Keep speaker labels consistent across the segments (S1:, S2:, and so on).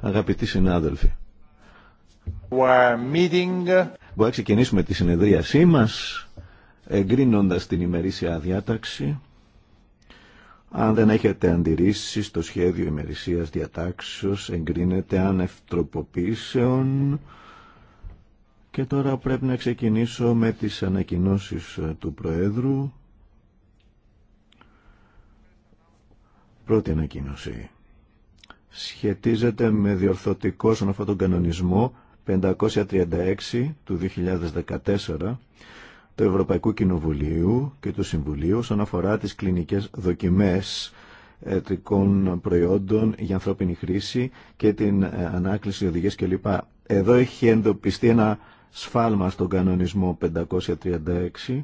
S1: Αγαπητοί συνάδελφοι,
S2: meeting... μπορούμε
S1: να ξεκινήσουμε τη συνεδρίασή μας εγκρίνοντας την ημερήσια διάταξη. Αν δεν έχετε αντιρρήσει στο σχέδιο ημερησίας διατάξεως εγκρίνεται ανευτροποποίησεων και τώρα πρέπει να ξεκινήσω με τις ανακοινώσεις του Προέδρου. Πρώτη ανακοίνωση. Σχετίζεται με διορθωτικό στον αυτόν τον κανονισμό 536 του 2014 του Ευρωπαϊκού Κοινοβουλίου και του Συμβουλίου όσον αφορά τις κλινικές δοκιμές ετρικών προϊόντων για ανθρώπινη χρήση και την ε, ανάκληση οδηγίας κλπ. Εδώ έχει εντοπιστεί ένα σφάλμα στον κανονισμό 536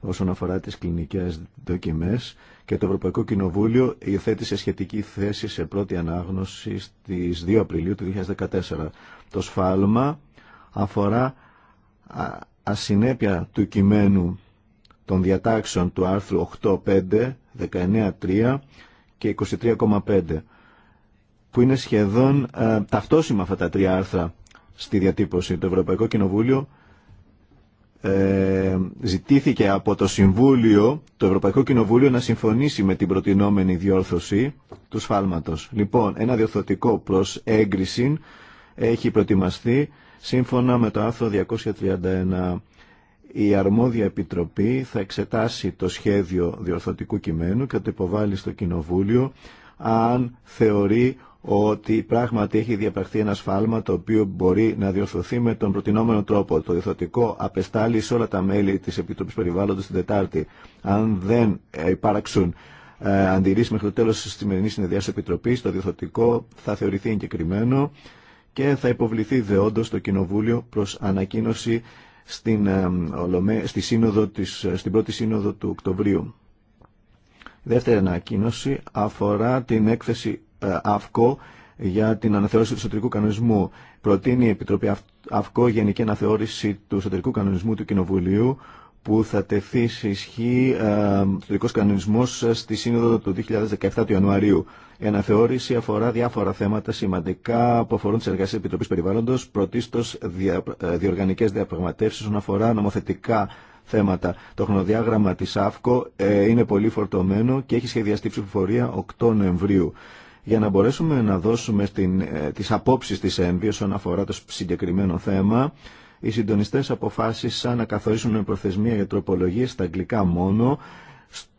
S1: όσον αφορά τις κλινικές δοκιμές και το Ευρωπαϊκό Κοινοβούλιο υιοθέτησε σχετική θέση σε πρώτη ανάγνωση στις 2 Απριλίου του 2014. Το σφάλμα αφορά ασυνέπεια του κειμένου των διατάξεων του άρθρου 8.5, 19.3 και 23.5 που είναι σχεδόν ε, ταυτόσιμα αυτά τα τρία άρθρα στη διατύπωση. Το Ευρωπαϊκό Κοινοβούλιο ε, ζητήθηκε από το Συμβούλιο, το Ευρωπαϊκό Κοινοβούλιο να συμφωνήσει με την προτινόμενη διόρθωση του σφάλματος. Λοιπόν, ένα διορθωτικό προς έγκριση έχει προετοιμαστεί σύμφωνα με το άρθρο 231. Η αρμόδια επιτροπή θα εξετάσει το σχέδιο διορθωτικού κειμένου και θα το υποβάλει στο Κοινοβούλιο αν θεωρεί ότι πράγματι έχει διαπραχθεί ένα σφάλμα το οποίο μπορεί να διορθωθεί με τον προτινόμενο τρόπο. Το διορθωτικό απεστάλλει σε όλα τα μέλη της Επιτροπής Περιβάλλοντος την Τετάρτη. Αν δεν ε, υπάρξουν ε, αντιρρήσει μέχρι το τέλος της σημερινής συνεδριά της Επιτροπής, το διορθωτικό θα θεωρηθεί εγκεκριμένο και θα υποβληθεί δεόντως το Κοινοβούλιο προς ανακοίνωση στην, ε, στη σύνοδο της, ε, στην πρώτη σύνοδο του Οκτωβρίου. δεύτερη ανακοίνωση αφορά την έκθεση ε, ΑΦΚΟ για την αναθεώρηση του εσωτερικού κανονισμού. Προτείνει η Επιτροπή ΑΦΚΟ γενική αναθεώρηση του εσωτερικού κανονισμού του Κοινοβουλίου που θα τεθεί σε ισχύ ε, εσωτερικός κανονισμός στη Σύνοδο του 2017 του Ιανουαρίου. Η αναθεώρηση αφορά διάφορα θέματα σημαντικά που αφορούν τις εργασίες Επιτροπής Περιβάλλοντος, πρωτίστως δια, ε, διοργανικές διαπραγματεύσεις όσον αφορά νομοθετικά θέματα. Το χρονοδιάγραμμα της ΑΦΚΟ είναι πολύ φορτωμένο και έχει σχεδιαστεί ψηφοφορία 8 Νοεμβρίου για να μπορέσουμε να δώσουμε στην, ε, τις απόψεις της όσον αφορά το συγκεκριμένο θέμα, οι συντονιστές αποφάσισαν να καθορίσουν προθεσμία για τροπολογίε στα αγγλικά μόνο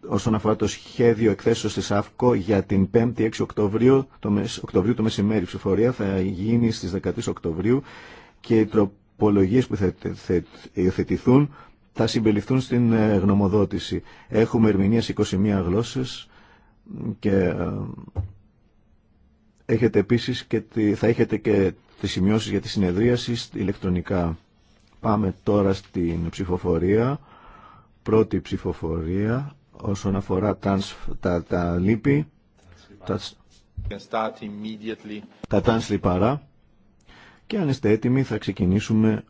S1: όσον αφορά το σχέδιο εκθέσεως της ΑΦΚΟ για την 5η-6 Οκτωβρίου το, μεσ... Οκτωβρίου το μεσημέρι. Η ψηφορία θα γίνει στις 13 Οκτωβρίου και οι τροπολογίες που θα υιοθετηθούν θα συμπεριληφθούν στην ε, γνωμοδότηση. Έχουμε ερμηνεία 21 γλώσσες και ε, Έχετε επίσης και τη, θα έχετε και τις σημειώσεις για τη συνεδρίαση ηλεκτρονικά. Πάμε τώρα στην ψηφοφορία. Πρώτη ψηφοφορία όσον αφορά τα, τα, τα λύπη, τα, τα τάνς Και αν είστε έτοιμοι θα ξεκινήσουμε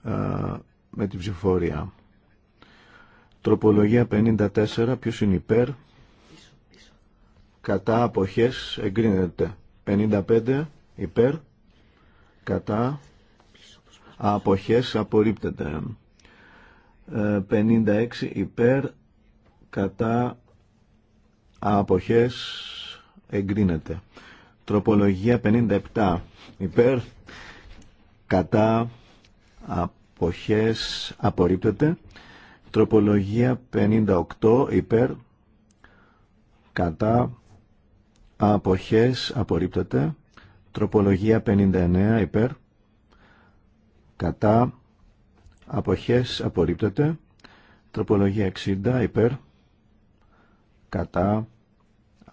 S1: με την ψηφοφορία. Τροπολογία 54, ποιος είναι υπέρ, κατά αποχές εγκρίνεται. 55 υπέρ κατά αποχές απορρίπτεται 56 ε, υπέρ κατά αποχές εγκρίνεται τροπολογία 57 υπέρ κατά αποχές απορρίπτεται τροπολογία 58 υπέρ κατά αποχές απορρίπτεται τροπολογία 59 υπέρ κατά αποχές απορρίπτεται τροπολογία 60 υπέρ κατά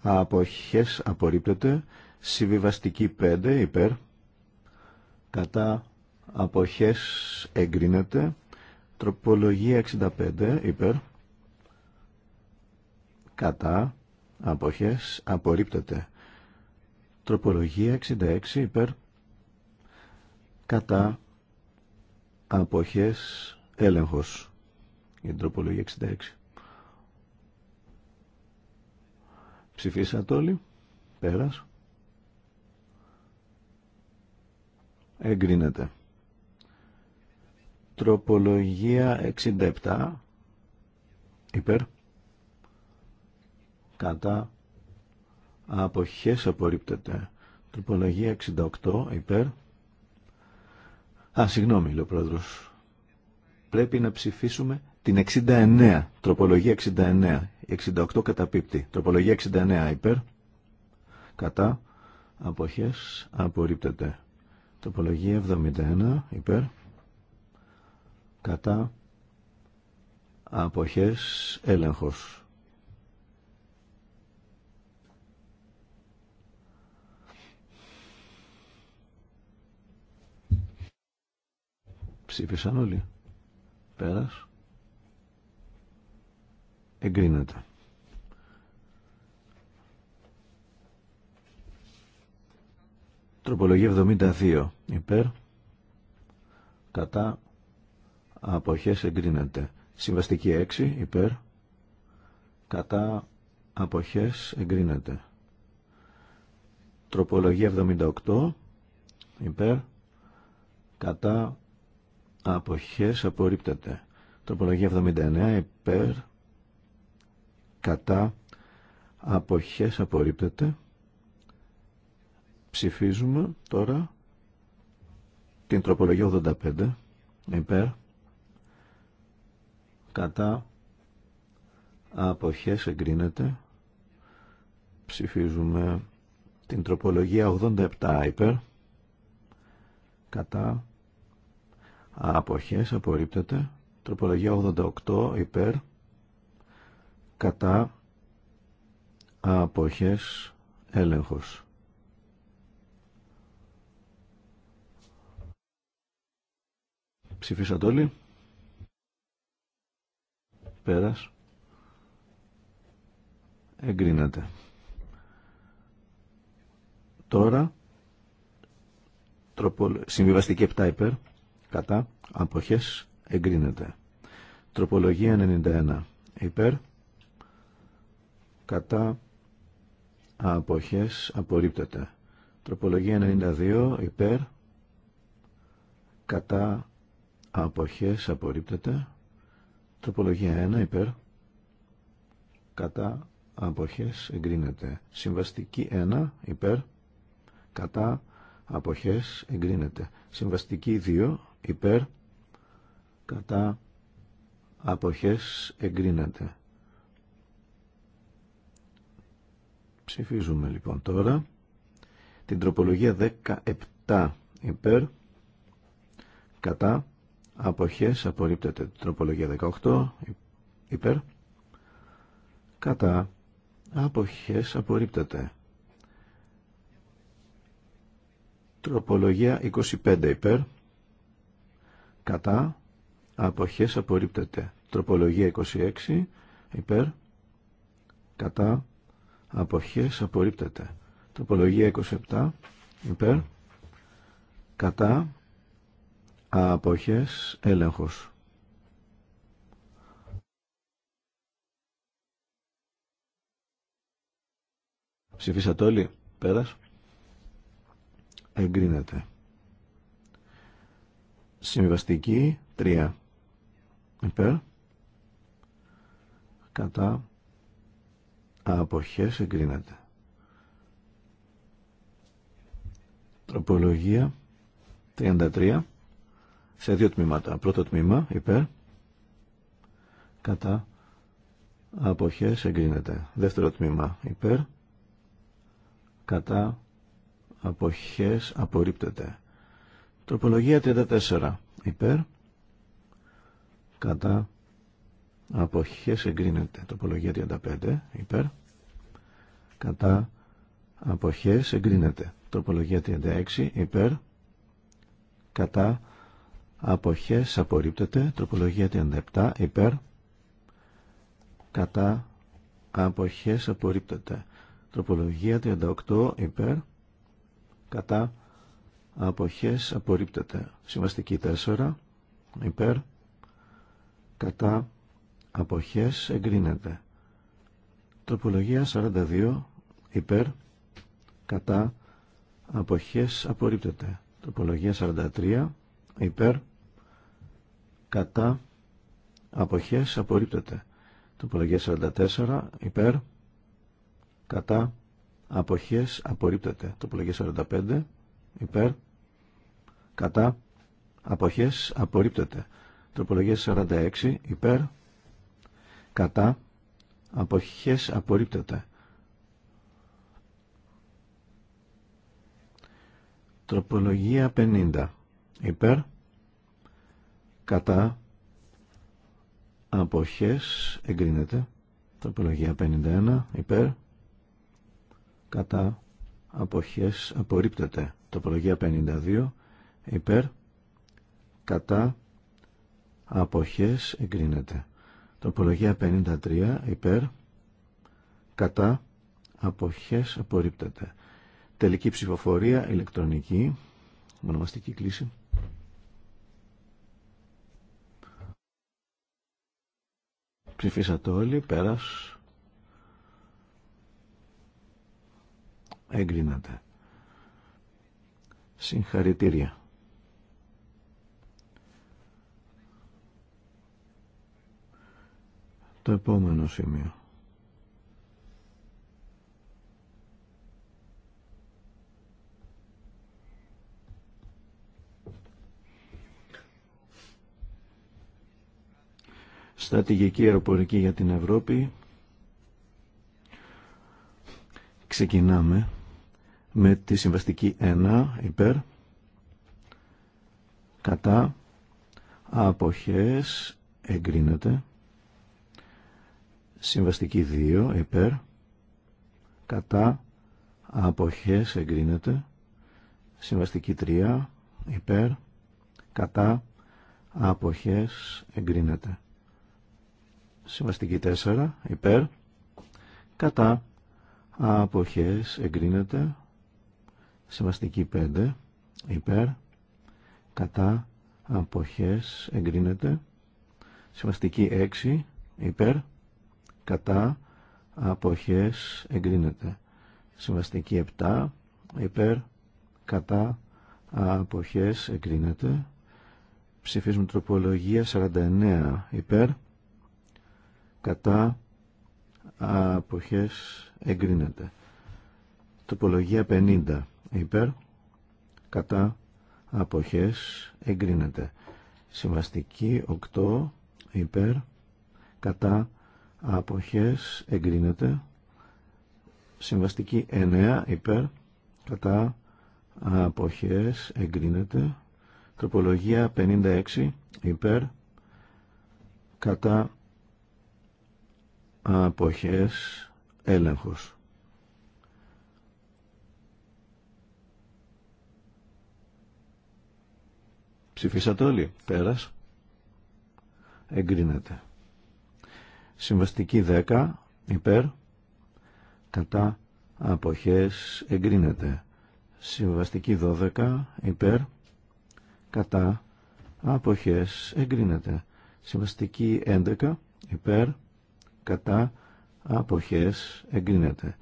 S1: αποχές απορρίπτεται συμβιβαστική 5 υπέρ κατά αποχές εγκρίνεται τροπολογία 65 υπέρ κατά αποχές απορρίπτεται τροπολογία 66 υπέρ κατά αποχές έλεγχος για τροπολογία 66 ψηφίσατε όλοι πέρας εγκρίνεται τροπολογία 67 υπέρ κατά αποχές απορρίπτεται. Τροπολογία 68 υπέρ. Α, συγγνώμη, λέει ο πρόεδρος. Πρέπει να ψηφίσουμε την 69, τροπολογία 69, 68 καταπίπτει. Τροπολογία 69 υπέρ, κατά, αποχές, απορρίπτεται. Τροπολογία 71 υπέρ, κατά, αποχές, έλεγχος. Ψήφισαν όλοι. Πέρας. Εγκρίνεται. Τροπολογία 72. Υπέρ. Κατά. Αποχές εγκρίνεται. Συμβαστική 6. Υπέρ. Κατά. Αποχές εγκρίνεται. Τροπολογία 78. Υπέρ. Κατά αποχές απορρίπτεται. Τροπολογία 79 υπέρ κατά αποχές απορρίπτεται. Ψηφίζουμε τώρα την τροπολογία 85 υπέρ κατά αποχές εγκρίνεται. Ψηφίζουμε την τροπολογία 87 υπέρ κατά αποχές απορρίπτεται τροπολογία 88 υπέρ κατά αποχές έλεγχος ψηφίσατε όλοι πέρας εγκρίνεται τώρα συμβιβαστική 7 υπέρ κατά αποχές εγκρίνεται. Τροπολογία 91 υπέρ κατά αποχές απορρίπτεται. Τροπολογία 92 υπέρ κατά αποχές απορρίπτεται. Τροπολογία 1 υπέρ κατά αποχές εγκρίνεται. Συμβαστική 1 υπέρ κατά αποχές εγκρίνεται. Συμβαστική 2 υπέρ κατά αποχές εγκρίνεται. Ψηφίζουμε λοιπόν τώρα την τροπολογία 17 υπέρ κατά αποχές απορρίπτεται. Τροπολογία 18 υπέρ κατά αποχές απορρίπτεται. Τροπολογία 25 υπέρ κατά, αποχές απορρίπτεται. Τροπολογία 26, υπέρ, κατά, αποχές απορρίπτεται. Τροπολογία 27, υπέρ, κατά, αποχές έλεγχος. Ψηφίσατε όλοι, πέρας. Εγκρίνεται. Συμβαστική 3. Υπέρ. Κατά. Αποχές εγκρίνεται. Τροπολογία 33 σε δύο τμήματα. Πρώτο τμήμα υπέρ. Κατά. Αποχές εγκρίνεται. Δεύτερο τμήμα υπέρ. Κατά. Αποχές απορρίπτεται. Τροπολογία 34. Υπέρ. Κατά. Αποχές εγκρίνεται. Τροπολογία 35. Υπέρ. Κατά. Αποχές εγκρίνεται. Τροπολογία 36. Υπέρ. Κατά. Αποχές απορρίπτεται. Τροπολογία 37. Υπέρ. Κατά. Αποχές απορρίπτεται. Τροπολογία 38. Υπέρ. Κατά αποχές απορρίπτεται. Συμβαστική 4 υπέρ κατά αποχές εγκρίνεται. Τροπολογία 42 υπέρ κατά αποχές απορρίπτεται. Τροπολογία 43 υπέρ κατά αποχές απορρίπτεται. Τροπολογία 44 υπέρ κατά αποχές απορρίπτεται. Τροπολογία 45 υπέρ κατά αποχές απορρίπτεται. Τροπολογία 46 υπέρ κατά αποχές απορρίπτεται. Τροπολογία 50 υπέρ κατά αποχές εγκρίνεται. Τροπολογία 51 υπέρ κατά αποχές απορρίπτεται. Τροπολογία 52 υπέρ κατά αποχές εγκρίνεται. Τροπολογία 53 υπέρ κατά αποχές απορρίπτεται. Τελική ψηφοφορία ηλεκτρονική μονομαστική κλίση. Ψηφίσατε όλοι, πέρας. Έγκρινατε. Συγχαρητήρια. Το επόμενο σημείο. Στατηγική αεροπορική για την Ευρώπη. Ξεκινάμε με τη συμβαστική 1 υπέρ κατά αποχές εγκρίνεται Συμβαστική 2 υπέρ κατά αποχές εγκρίνεται. Συμβαστική 3 υπέρ κατά αποχές εγκρίνεται. Συμβαστική 4 υπέρ κατά αποχές εγκρίνεται. Συμβαστική 5 υπέρ κατά αποχές εγκρίνεται. Συμβαστική 6 υπέρ κατά αποχές εγκρίνεται. Συμβαστική 7 υπέρ κατά αποχές εγκρίνεται. Ψηφίζουμε τροπολογία 49 υπέρ κατά αποχές εγκρίνεται. Τροπολογία 50 υπέρ κατά αποχές εγκρίνεται. Συμβαστική 8 υπέρ κατά αποχές εγκρίνεται συμβαστική 9 υπέρ κατά αποχές εγκρίνεται τροπολογία 56 υπέρ κατά αποχές έλεγχος ψηφίσατε όλοι πέρας εγκρίνεται Συμβαστική 10 υπέρ κατά αποχές εγκρίνεται. Συμβαστική 12 υπέρ κατά αποχές εγκρίνεται. Συμβαστική 11 υπέρ κατά αποχές εγκρίνεται.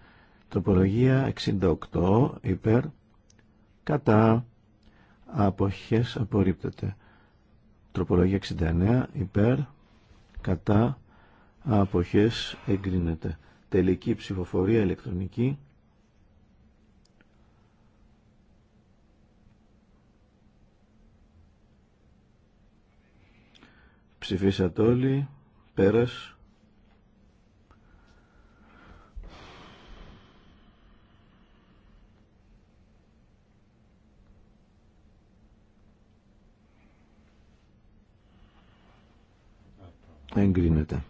S1: Τροπολογία 68 υπέρ κατά αποχές απορρίπτεται. Τροπολογία 69 υπέρ κατά αποχές εγκρίνεται. Τελική ψηφοφορία ηλεκτρονική. Ψηφίσατε όλοι, πέρας. Εγκρίνεται.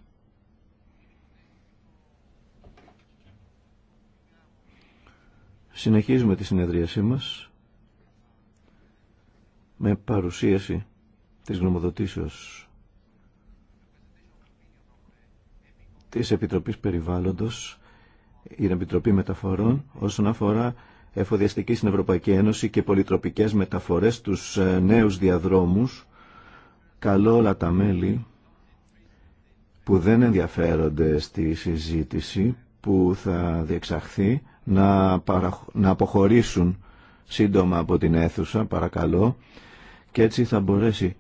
S1: Συνεχίζουμε τη συνεδρίασή μας με παρουσίαση της γνωμοδοτήσεως της Επιτροπής Περιβάλλοντος η Επιτροπή Μεταφορών όσον αφορά εφοδιαστική στην Ευρωπαϊκή Ένωση και πολυτροπικές μεταφορές τους ε, νέους διαδρόμους καλό όλα τα μέλη που δεν ενδιαφέρονται στη συζήτηση που θα διεξαχθεί να, να αποχωρήσουν σύντομα από την αίθουσα, παρακαλώ, και έτσι θα μπορέσει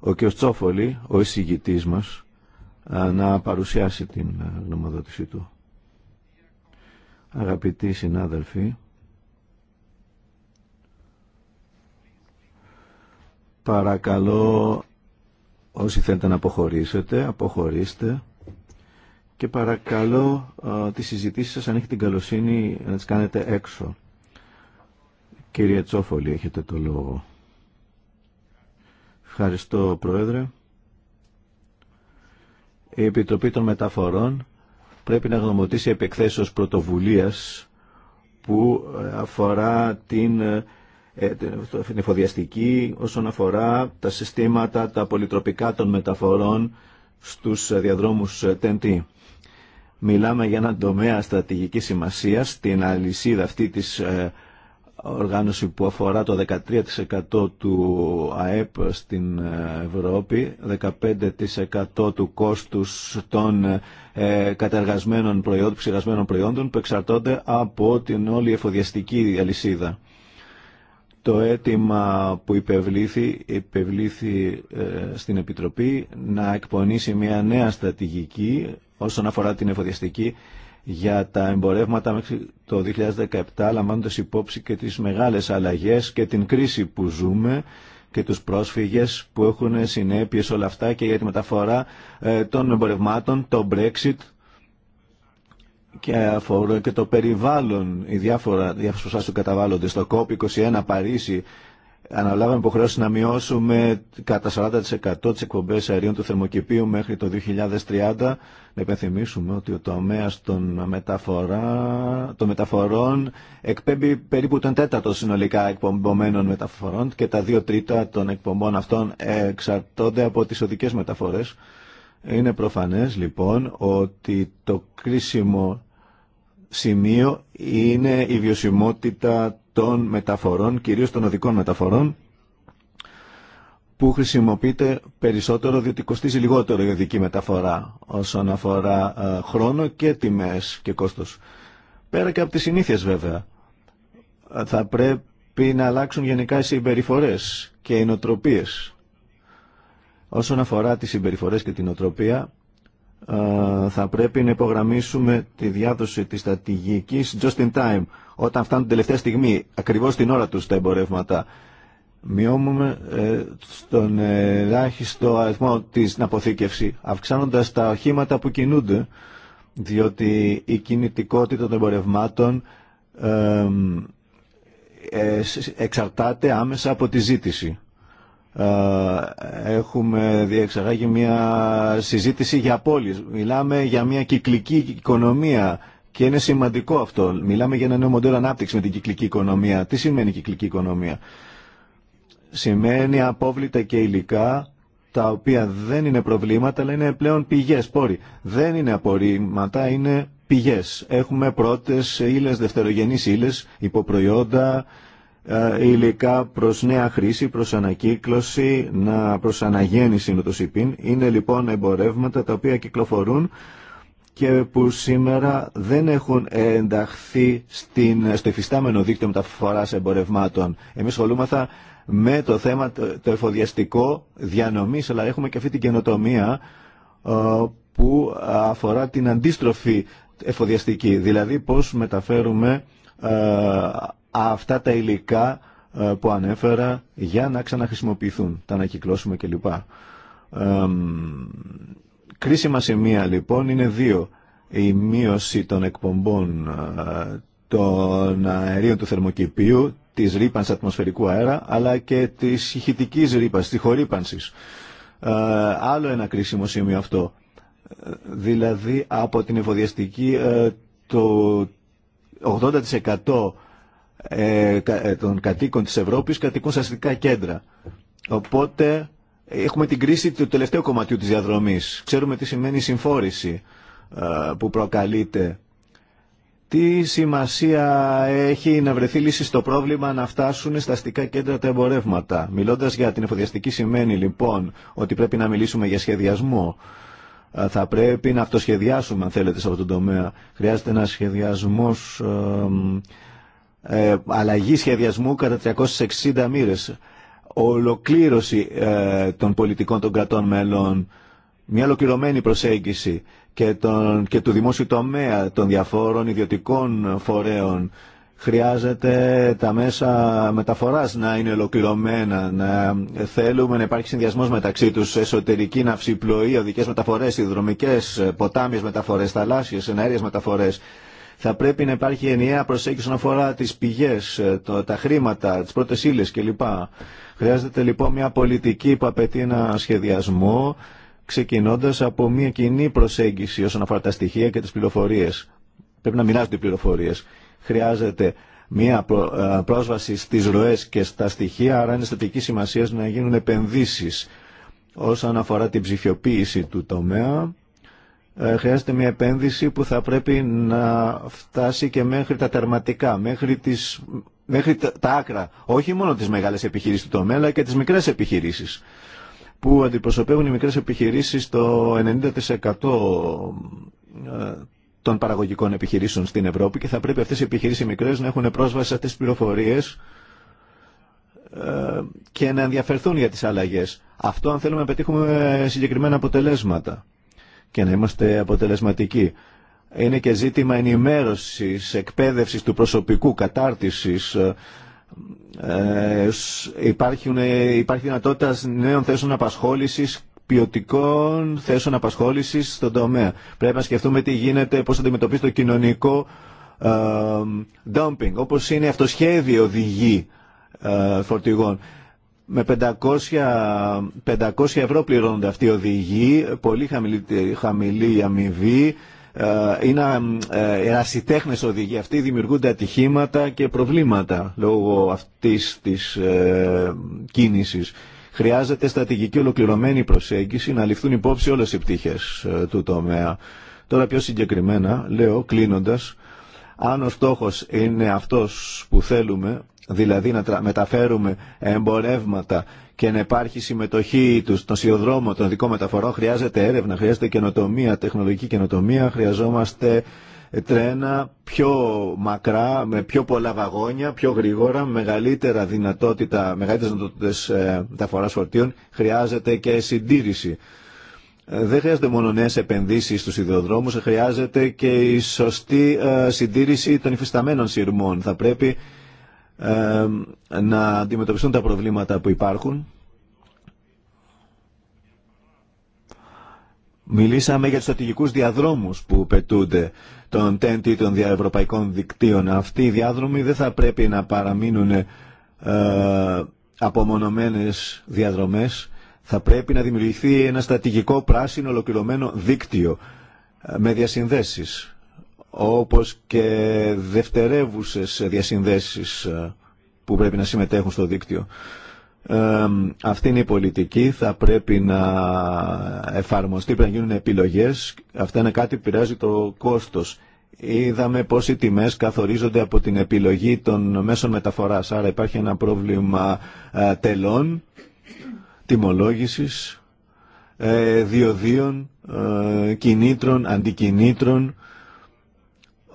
S1: ο κ. Τσόφολη, ο εισηγητής μας, να παρουσιάσει την γνωμοδότησή του. Αγαπητοί συνάδελφοι, παρακαλώ όσοι θέλετε να αποχωρήσετε, αποχωρήστε και παρακαλώ τις συζητήσεις σας αν έχετε την καλοσύνη να τις κάνετε έξω. Κύριε Τσόφολη, έχετε το λόγο. Ευχαριστώ, Πρόεδρε. Η Επιτροπή των Μεταφορών πρέπει να γνωμοτήσει επί πρωτοβουλίας που αφορά ε, την, εφοδιαστική όσον αφορά τα συστήματα, τα πολυτροπικά των μεταφορών στους διαδρόμους ΤΕΝΤΗ. Μιλάμε για έναν τομέα στρατηγικής σημασίας, την αλυσίδα αυτή της ε, οργάνωση που αφορά το 13% του ΑΕΠ στην ε, Ευρώπη, 15% του κόστους των ε, καταργασμένων προϊόντων, ψυχασμένων προϊόντων που εξαρτώνται από την όλη εφοδιαστική αλυσίδα. Το αίτημα που υπευλήθη, υπευλήθη στην Επιτροπή να εκπονήσει μια νέα στρατηγική όσον αφορά την εφοδιαστική για τα εμπορεύματα μέχρι το 2017, λαμβάνοντα υπόψη και τις μεγάλες αλλαγές και την κρίση που ζούμε και τους πρόσφυγες που έχουν συνέπειες όλα αυτά και για τη μεταφορά ε, των εμπορευμάτων, το Brexit και αφορά και το περιβάλλον, οι διάφορα διάφορα που καταβάλλονται στο COP21 Παρίσι αναλάβαμε υποχρέωση να μειώσουμε κατά 40% τις εκπομπές αερίων του θερμοκηπίου μέχρι το 2030. Να υπενθυμίσουμε ότι ο τομέας των, μεταφορά, των μεταφορών εκπέμπει περίπου τον τέταρτο συνολικά εκπομπωμένων μεταφορών και τα δύο τρίτα των εκπομπών αυτών εξαρτώνται από τις οδικές μεταφορές. Είναι προφανές λοιπόν ότι το κρίσιμο σημείο είναι η βιωσιμότητα των μεταφορών, κυρίως των οδικών μεταφορών, που χρησιμοποιείται περισσότερο διότι κοστίζει λιγότερο η οδική μεταφορά όσον αφορά ε, χρόνο και τιμές και κόστος. Πέρα και από τις συνήθειες βέβαια. Ε, θα πρέπει να αλλάξουν γενικά οι συμπεριφορές και οι νοτροπίες. Όσον αφορά τις συμπεριφορές και την νοτροπία, θα πρέπει να υπογραμμίσουμε τη διάδοση της στρατηγικής just in time, όταν φτάνουν τελευταία στιγμή, ακριβώς την ώρα τους τα εμπορεύματα. Μειώνουμε ε, στον ελάχιστο αριθμό της αποθήκευση, αυξάνοντας τα οχήματα που κινούνται, διότι η κινητικότητα των εμπορευμάτων ε, εξαρτάται άμεσα από τη ζήτηση έχουμε διεξαγάγει μια συζήτηση για πόλεις. Μιλάμε για μια κυκλική οικονομία και είναι σημαντικό αυτό. Μιλάμε για ένα νέο μοντέλο ανάπτυξη με την κυκλική οικονομία. Τι σημαίνει κυκλική οικονομία. Σημαίνει απόβλητα και υλικά τα οποία δεν είναι προβλήματα αλλά είναι πλέον πηγές, πόροι. Δεν είναι απορρίμματα, είναι πηγές. Έχουμε πρώτες ύλες, δευτερογενείς ύλες, υποπροϊόντα, ε, υλικά προς νέα χρήση, προς ανακύκλωση, να προς αναγέννηση είναι το Είναι λοιπόν εμπορεύματα τα οποία κυκλοφορούν και που σήμερα δεν έχουν ενταχθεί στην, στο εφιστάμενο δίκτυο μεταφοράς εμπορευμάτων. Εμείς ασχολούμαστε με το θέμα το εφοδιαστικό διανομής, αλλά έχουμε και αυτή την καινοτομία ε, που αφορά την αντίστροφη εφοδιαστική, δηλαδή πώς μεταφέρουμε ε, αυτά τα υλικά ε, που ανέφερα για να ξαναχρησιμοποιηθούν, τα ανακυκλώσουμε κλπ. κρίσιμα σημεία λοιπόν είναι δύο. Η μείωση των εκπομπών ε, των αερίων του θερμοκηπίου, της ρήπανσης ατμοσφαιρικού αέρα, αλλά και της ηχητικής ρήπανσης, της χορύπανσης. Ε, άλλο ένα κρίσιμο σημείο αυτό. Δηλαδή από την εφοδιαστική το 80% ε, ε, των κατοίκων της Ευρώπης κατοικούν σε αστικά κέντρα. Οπότε ε, έχουμε την κρίση του τελευταίου κομματιού της διαδρομής. Ξέρουμε τι σημαίνει η συμφόρηση που προκαλείται. Τι σημασία έχει να βρεθεί λύση στο πρόβλημα να φτάσουν στα αστικά κέντρα τα εμπορεύματα. Μιλώντας για την εφοδιαστική σημαίνει λοιπόν ότι πρέπει να μιλήσουμε για σχεδιασμό. Θα πρέπει να αυτοσχεδιάσουμε αν θέλετε σε αυτό το τομέα. Χρειάζεται ένα σχεδιασμός ε, αλλαγή σχεδιασμού κατά 360 μοίρες, ολοκλήρωση ε, των πολιτικών των κρατών μέλων, μια ολοκληρωμένη προσέγγιση και, τον, και του δημόσιου τομέα των διαφόρων ιδιωτικών φορέων. Χρειάζεται τα μέσα μεταφοράς να είναι ολοκληρωμένα, να θέλουμε να υπάρχει συνδυασμός μεταξύ τους, εσωτερική ναυσιπλοή, οδικές μεταφορές, υδρομικές, ε, ποτάμιες μεταφορές, θαλάσσιες, εναέριες μεταφορές. Θα πρέπει να υπάρχει ενιαία προσέγγιση όσον αφορά τι πηγέ, ε, τα χρήματα, τι πρώτε ύλε κλπ. Χρειάζεται λοιπόν μια πολιτική που απαιτεί ένα σχεδιασμό, ξεκινώντα από μια κοινή προσέγγιση όσον αφορά τα στοιχεία και τι πληροφορίε. Πρέπει να μοιράζονται οι πληροφορίε. Χρειάζεται μια ε, πρόσβαση στι ροέ και στα στοιχεία, άρα είναι στατική σημασία να γίνουν επενδύσει όσον αφορά την ψηφιοποίηση του τομέα ε, χρειάζεται μια επένδυση που θα πρέπει να φτάσει και μέχρι τα τερματικά, μέχρι, τις, μέχρι τα άκρα. Όχι μόνο τις μεγάλες επιχειρήσεις του τομέα, αλλά και τις μικρές επιχειρήσεις που αντιπροσωπεύουν οι μικρές επιχειρήσεις το 90% ε, των παραγωγικών επιχειρήσεων στην Ευρώπη και θα πρέπει αυτές οι επιχειρήσεις οι μικρές να έχουν πρόσβαση σε αυτές τις πληροφορίες ε, και να ενδιαφερθούν για τις αλλαγές. Αυτό αν θέλουμε να πετύχουμε συγκεκριμένα αποτελέσματα και να είμαστε αποτελεσματικοί. Είναι και ζήτημα ενημέρωσης, εκπαίδευσης του προσωπικού, κατάρτισης. Ε, υπάρχουν, ε, υπάρχει δυνατότητα νέων θέσεων απασχόλησης ποιοτικών θέσεων απασχόλησης στον τομέα. Πρέπει να σκεφτούμε τι γίνεται, πώ αντιμετωπίζει το κοινωνικό ε, dumping, όπως είναι αυτοσχέδιο οδηγή ε, φορτηγών με 500, 500 ευρώ πληρώνονται αυτοί οι οδηγοί, πολύ χαμηλή, χαμηλή αμοιβή, ε, είναι ε, ερασιτέχνες οδηγοί αυτοί, δημιουργούνται ατυχήματα και προβλήματα λόγω αυτής της ε, κίνησης. Χρειάζεται στρατηγική ολοκληρωμένη προσέγγιση να ληφθούν υπόψη όλες οι πτυχές ε, του τομέα. Τώρα πιο συγκεκριμένα, λέω κλείνοντας, αν ο στόχος είναι αυτός που θέλουμε, δηλαδή να μεταφέρουμε εμπορεύματα και να υπάρχει συμμετοχή τους στον σιδηρόδρομο των δικών μεταφορών, χρειάζεται έρευνα, χρειάζεται καινοτομία, τεχνολογική καινοτομία, χρειαζόμαστε τρένα πιο μακρά, με πιο πολλά βαγόνια, πιο γρήγορα, μεγαλύτερα δυνατότητα, μεγαλύτερες δυνατότητες ε, μεταφοράς φορτίων, χρειάζεται και συντήρηση. Ε, δεν χρειάζεται μόνο νέε επενδύσει στου ιδεοδρόμου, χρειάζεται και η σωστή ε, συντήρηση των υφισταμένων σειρμών. Θα πρέπει να αντιμετωπιστούν τα προβλήματα που υπάρχουν. Μιλήσαμε για τους στρατηγικούς διαδρόμους που πετούνται των τέντη των διαευρωπαϊκών δικτύων. Αυτοί οι διάδρομοι δεν θα πρέπει να παραμείνουν ε, απομονωμένες διαδρομές. Θα πρέπει να δημιουργηθεί ένα στρατηγικό πράσινο ολοκληρωμένο δίκτυο ε, με διασυνδέσεις όπως και δευτερεύουσες διασυνδέσεις ε, που πρέπει να συμμετέχουν στο δίκτυο. Ε, αυτή είναι η πολιτική, θα πρέπει να εφαρμοστεί, πρέπει να γίνουν επιλογές. Αυτά είναι κάτι που πειράζει το κόστος. Είδαμε πως οι τιμές καθορίζονται από την επιλογή των μέσων μεταφοράς. Άρα υπάρχει ένα πρόβλημα ε, τελών, τιμολόγησης, διοδίων, κινήτρων, αντικινήτρων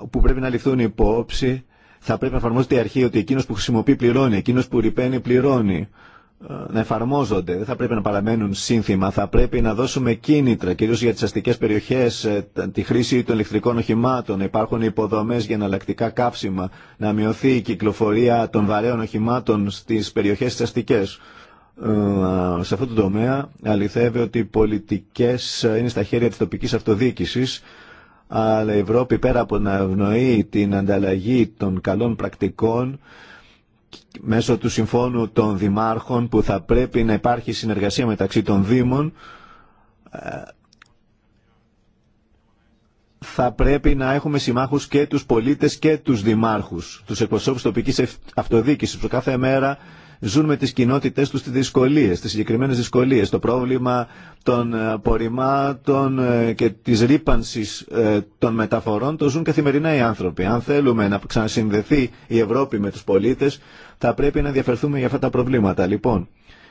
S1: που πρέπει να ληφθούν υπόψη. Θα πρέπει να εφαρμόζεται η αρχή ότι εκείνο που χρησιμοποιεί πληρώνει, εκείνο που ρηπαίνει πληρώνει. Ε, να εφαρμόζονται, δεν θα πρέπει να παραμένουν σύνθημα. Θα πρέπει να δώσουμε κίνητρα, κυρίω για τι αστικέ περιοχέ, ε, τη χρήση των ηλεκτρικών οχημάτων. Να υπάρχουν υποδομέ για εναλλακτικά καύσιμα. Να μειωθεί η κυκλοφορία των βαρέων οχημάτων στι περιοχέ τι αστικέ. Ε, σε αυτό το τομέα αληθεύει ότι οι πολιτικέ είναι στα χέρια τη τοπική αυτοδιοίκηση αλλά η Ευρώπη πέρα από να ευνοεί την ανταλλαγή των καλών πρακτικών μέσω του συμφώνου των δημάρχων που θα πρέπει να υπάρχει συνεργασία μεταξύ των δήμων θα πρέπει να έχουμε συμμάχους και τους πολίτες και τους δημάρχους, τους εκπροσώπους τοπικής αυτοδίκησης που κάθε μέρα ζουν με τις κοινότητες τους τις δυσκολίες, τις συγκεκριμένες δυσκολίες, το πρόβλημα των ε, απορριμμάτων ε, και της ρήπανσης ε, των μεταφορών το ζουν καθημερινά οι άνθρωποι. Αν θέλουμε να ξανασυνδεθεί η Ευρώπη με τους πολίτες θα πρέπει να διαφερθούμε για αυτά τα προβλήματα. Λοιπόν,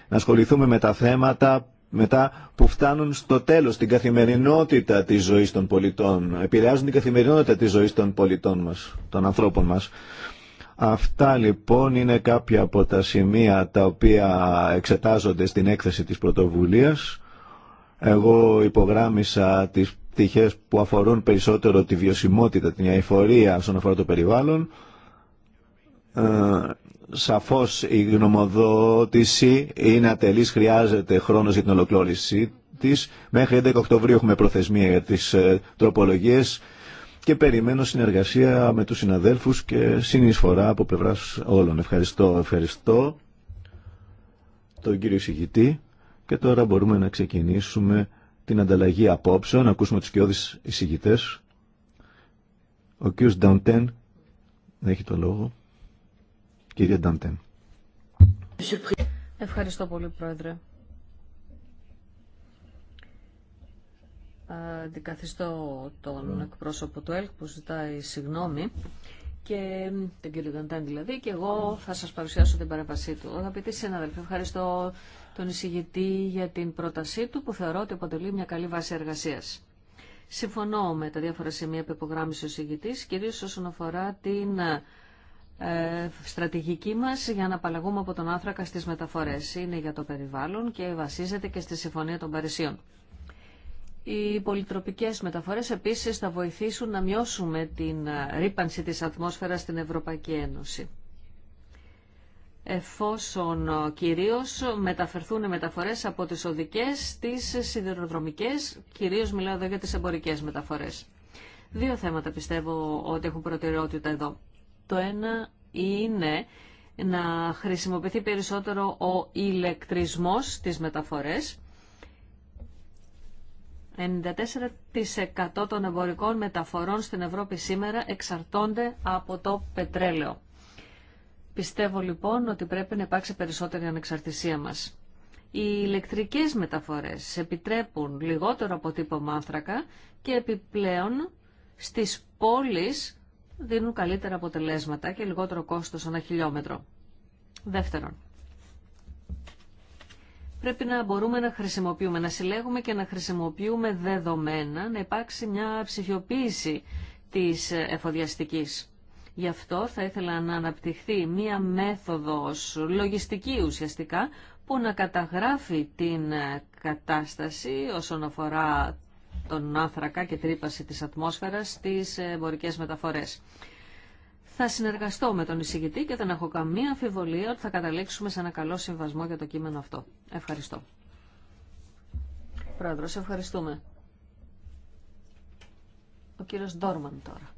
S1: να ασχοληθούμε με τα θέματα μετά που φτάνουν στο τέλος την καθημερινότητα της ζωής των πολιτών επηρεάζουν την καθημερινότητα της ζωής των πολιτών μας των ανθρώπων μας Αυτά λοιπόν είναι κάποια από τα σημεία τα οποία εξετάζονται στην έκθεση της πρωτοβουλίας. Εγώ υπογράμμισα τις πτυχές που αφορούν περισσότερο τη βιωσιμότητα, την αηφορία στον αφορά το περιβάλλον. Ε, σαφώς η γνωμοδότηση είναι ατελής, χρειάζεται χρόνος για την ολοκλώρησή της. Μέχρι 11 Οκτωβρίου έχουμε προθεσμία για τις ε, τροπολογίες και περιμένω συνεργασία με τους συναδέλφους και συνεισφορά από πλευράς όλων. Ευχαριστώ, ευχαριστώ τον κύριο εισηγητή και τώρα μπορούμε να ξεκινήσουμε την ανταλλαγή απόψεων, να ακούσουμε τους κοιόδης εισηγητέ. Ο κύριος Νταντέν έχει το λόγο. Κύριε Νταντέν.
S3: Ευχαριστώ πολύ, Πρόεδρε. αντικαθιστώ τον εκπρόσωπο του ΕΛΚ που ζητάει συγγνώμη και τον κύριο Καντάν δηλαδή και εγώ θα σας παρουσιάσω την παρέμβασή του. Αγαπητοί συναδελφοί, ευχαριστώ τον εισηγητή για την πρότασή του που θεωρώ ότι αποτελεί μια καλή βάση εργασίας. Συμφωνώ με τα διάφορα σημεία που υπογράμμισε ο εισηγητής, κυρίως όσον αφορά την ε, στρατηγική μας για να απαλλαγούμε από τον άνθρακα στις μεταφορές. Είναι για το περιβάλλον και βασίζεται και στη Συμφωνία των Παρισίων. Οι πολυτροπικές μεταφορές επίσης θα βοηθήσουν να μειώσουμε την ε, ρήπανση της ατμόσφαιρας στην Ευρωπαϊκή Ένωση. Εφόσον ε, κυρίως μεταφερθούν οι μεταφορές από τις οδικές στις σιδηροδρομικές, κυρίως μιλάω εδώ για τις εμπορικές μεταφορές. Δύο θέματα πιστεύω ότι έχουν προτεραιότητα εδώ. Το ένα είναι να χρησιμοποιηθεί περισσότερο ο ηλεκτρισμός στις μεταφορές 94% των εμπορικών μεταφορών στην Ευρώπη σήμερα εξαρτώνται από το πετρέλαιο. Πιστεύω λοιπόν ότι πρέπει να υπάρξει περισσότερη ανεξαρτησία μας. Οι ηλεκτρικές μεταφορές επιτρέπουν λιγότερο αποτύπωμα άνθρακα και επιπλέον στις πόλεις δίνουν καλύτερα αποτελέσματα και λιγότερο κόστος ανά χιλιόμετρο. Δεύτερον, πρέπει να μπορούμε να χρησιμοποιούμε, να συλλέγουμε και να χρησιμοποιούμε δεδομένα, να υπάρξει μια ψηφιοποίηση της εφοδιαστικής. Γι' αυτό θα ήθελα να αναπτυχθεί μία μέθοδος λογιστική ουσιαστικά που να καταγράφει την κατάσταση όσον αφορά τον άνθρακα και τρύπαση της ατμόσφαιρας στις εμπορικές μεταφορές. Θα συνεργαστώ με τον εισηγητή και δεν έχω καμία αμφιβολία ότι θα καταλήξουμε σε ένα καλό συμβασμό για το κείμενο αυτό. Ευχαριστώ. Πρόεδρος, ευχαριστούμε. Ο κύριος Ντόρμαν τώρα.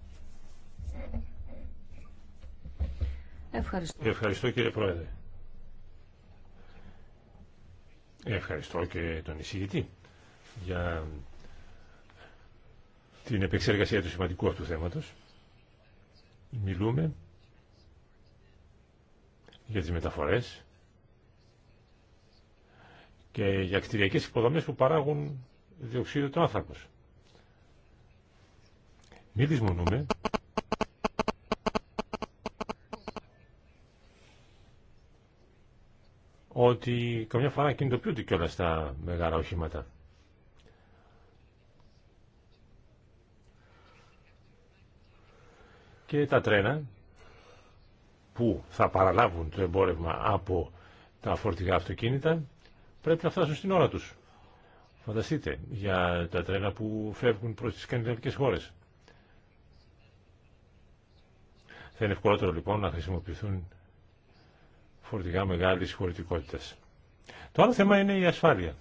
S3: Ευχαριστώ.
S2: Ευχαριστώ κύριε Πρόεδρε. Ευχαριστώ και τον εισηγητή για την επεξεργασία του σημαντικού αυτού θέματος μιλούμε για τις μεταφορές και για κτηριακές υποδομές που παράγουν διοξείδιο του άνθρακος. Μην δυσμονούμε ότι καμιά φορά κινητοποιούνται κιόλα τα μεγάλα οχήματα. και τα τρένα που θα παραλάβουν το εμπόρευμα από τα φορτηγά αυτοκίνητα πρέπει να φτάσουν στην ώρα τους. Φανταστείτε για τα τρένα που φεύγουν προς τις σκανδιναβικές χώρες. Θα είναι ευκολότερο λοιπόν να χρησιμοποιηθούν φορτηγά μεγάλης χωρητικότητας. Το άλλο θέμα είναι η ασφάλεια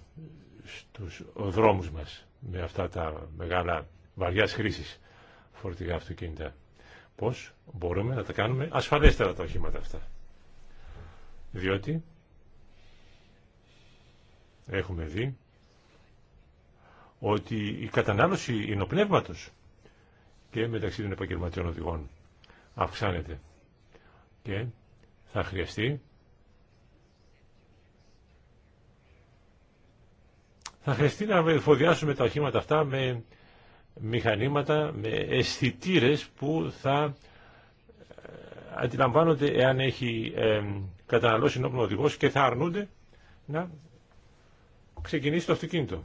S2: στους δρόμους μας με αυτά τα μεγάλα βαριάς χρήσης φορτηγά αυτοκίνητα πώς μπορούμε να τα κάνουμε ασφαλέστερα τα οχήματα αυτά. Διότι έχουμε δει ότι η κατανάλωση υνοπνεύματος και μεταξύ των επαγγελματιών οδηγών αυξάνεται και θα χρειαστεί θα χρειαστεί να φοδιάσουμε τα οχήματα αυτά με μηχανήματα, με αισθητήρε που θα ε, αντιλαμβάνονται εάν έχει ε, καταναλώσει ενόπλο οδηγό και θα αρνούνται να ξεκινήσει το αυτοκίνητο.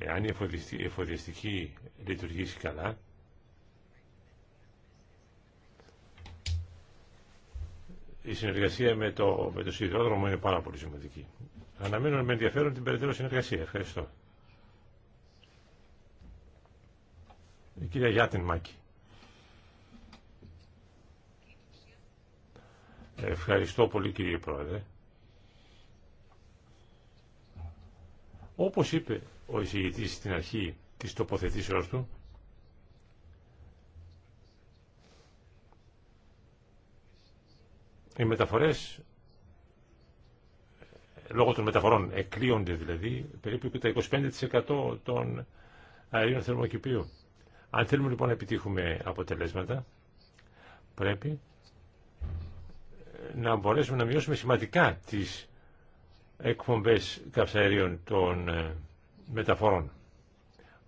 S2: Εάν η εφοδιαστική λειτουργήσει καλά, η συνεργασία με το, με το σιδηρόδρομο είναι πάρα πολύ σημαντική. Αναμένω με ενδιαφέρον την περαιτέρω συνεργασία. Ευχαριστώ. Η κυρία Γιάτιν Μάκη. Ευχαριστώ πολύ κύριε Πρόεδρε. Όπως είπε ο εισηγητής στην αρχή της τοποθετήσεώς του, οι μεταφορές λόγω των μεταφορών εκλείονται δηλαδή περίπου τα 25% των αερίων θερμοκηπίου. Αν θέλουμε λοιπόν να επιτύχουμε αποτελέσματα, πρέπει να μπορέσουμε να μειώσουμε σημαντικά τις εκπομπές καυσαερίων των ε, μεταφορών.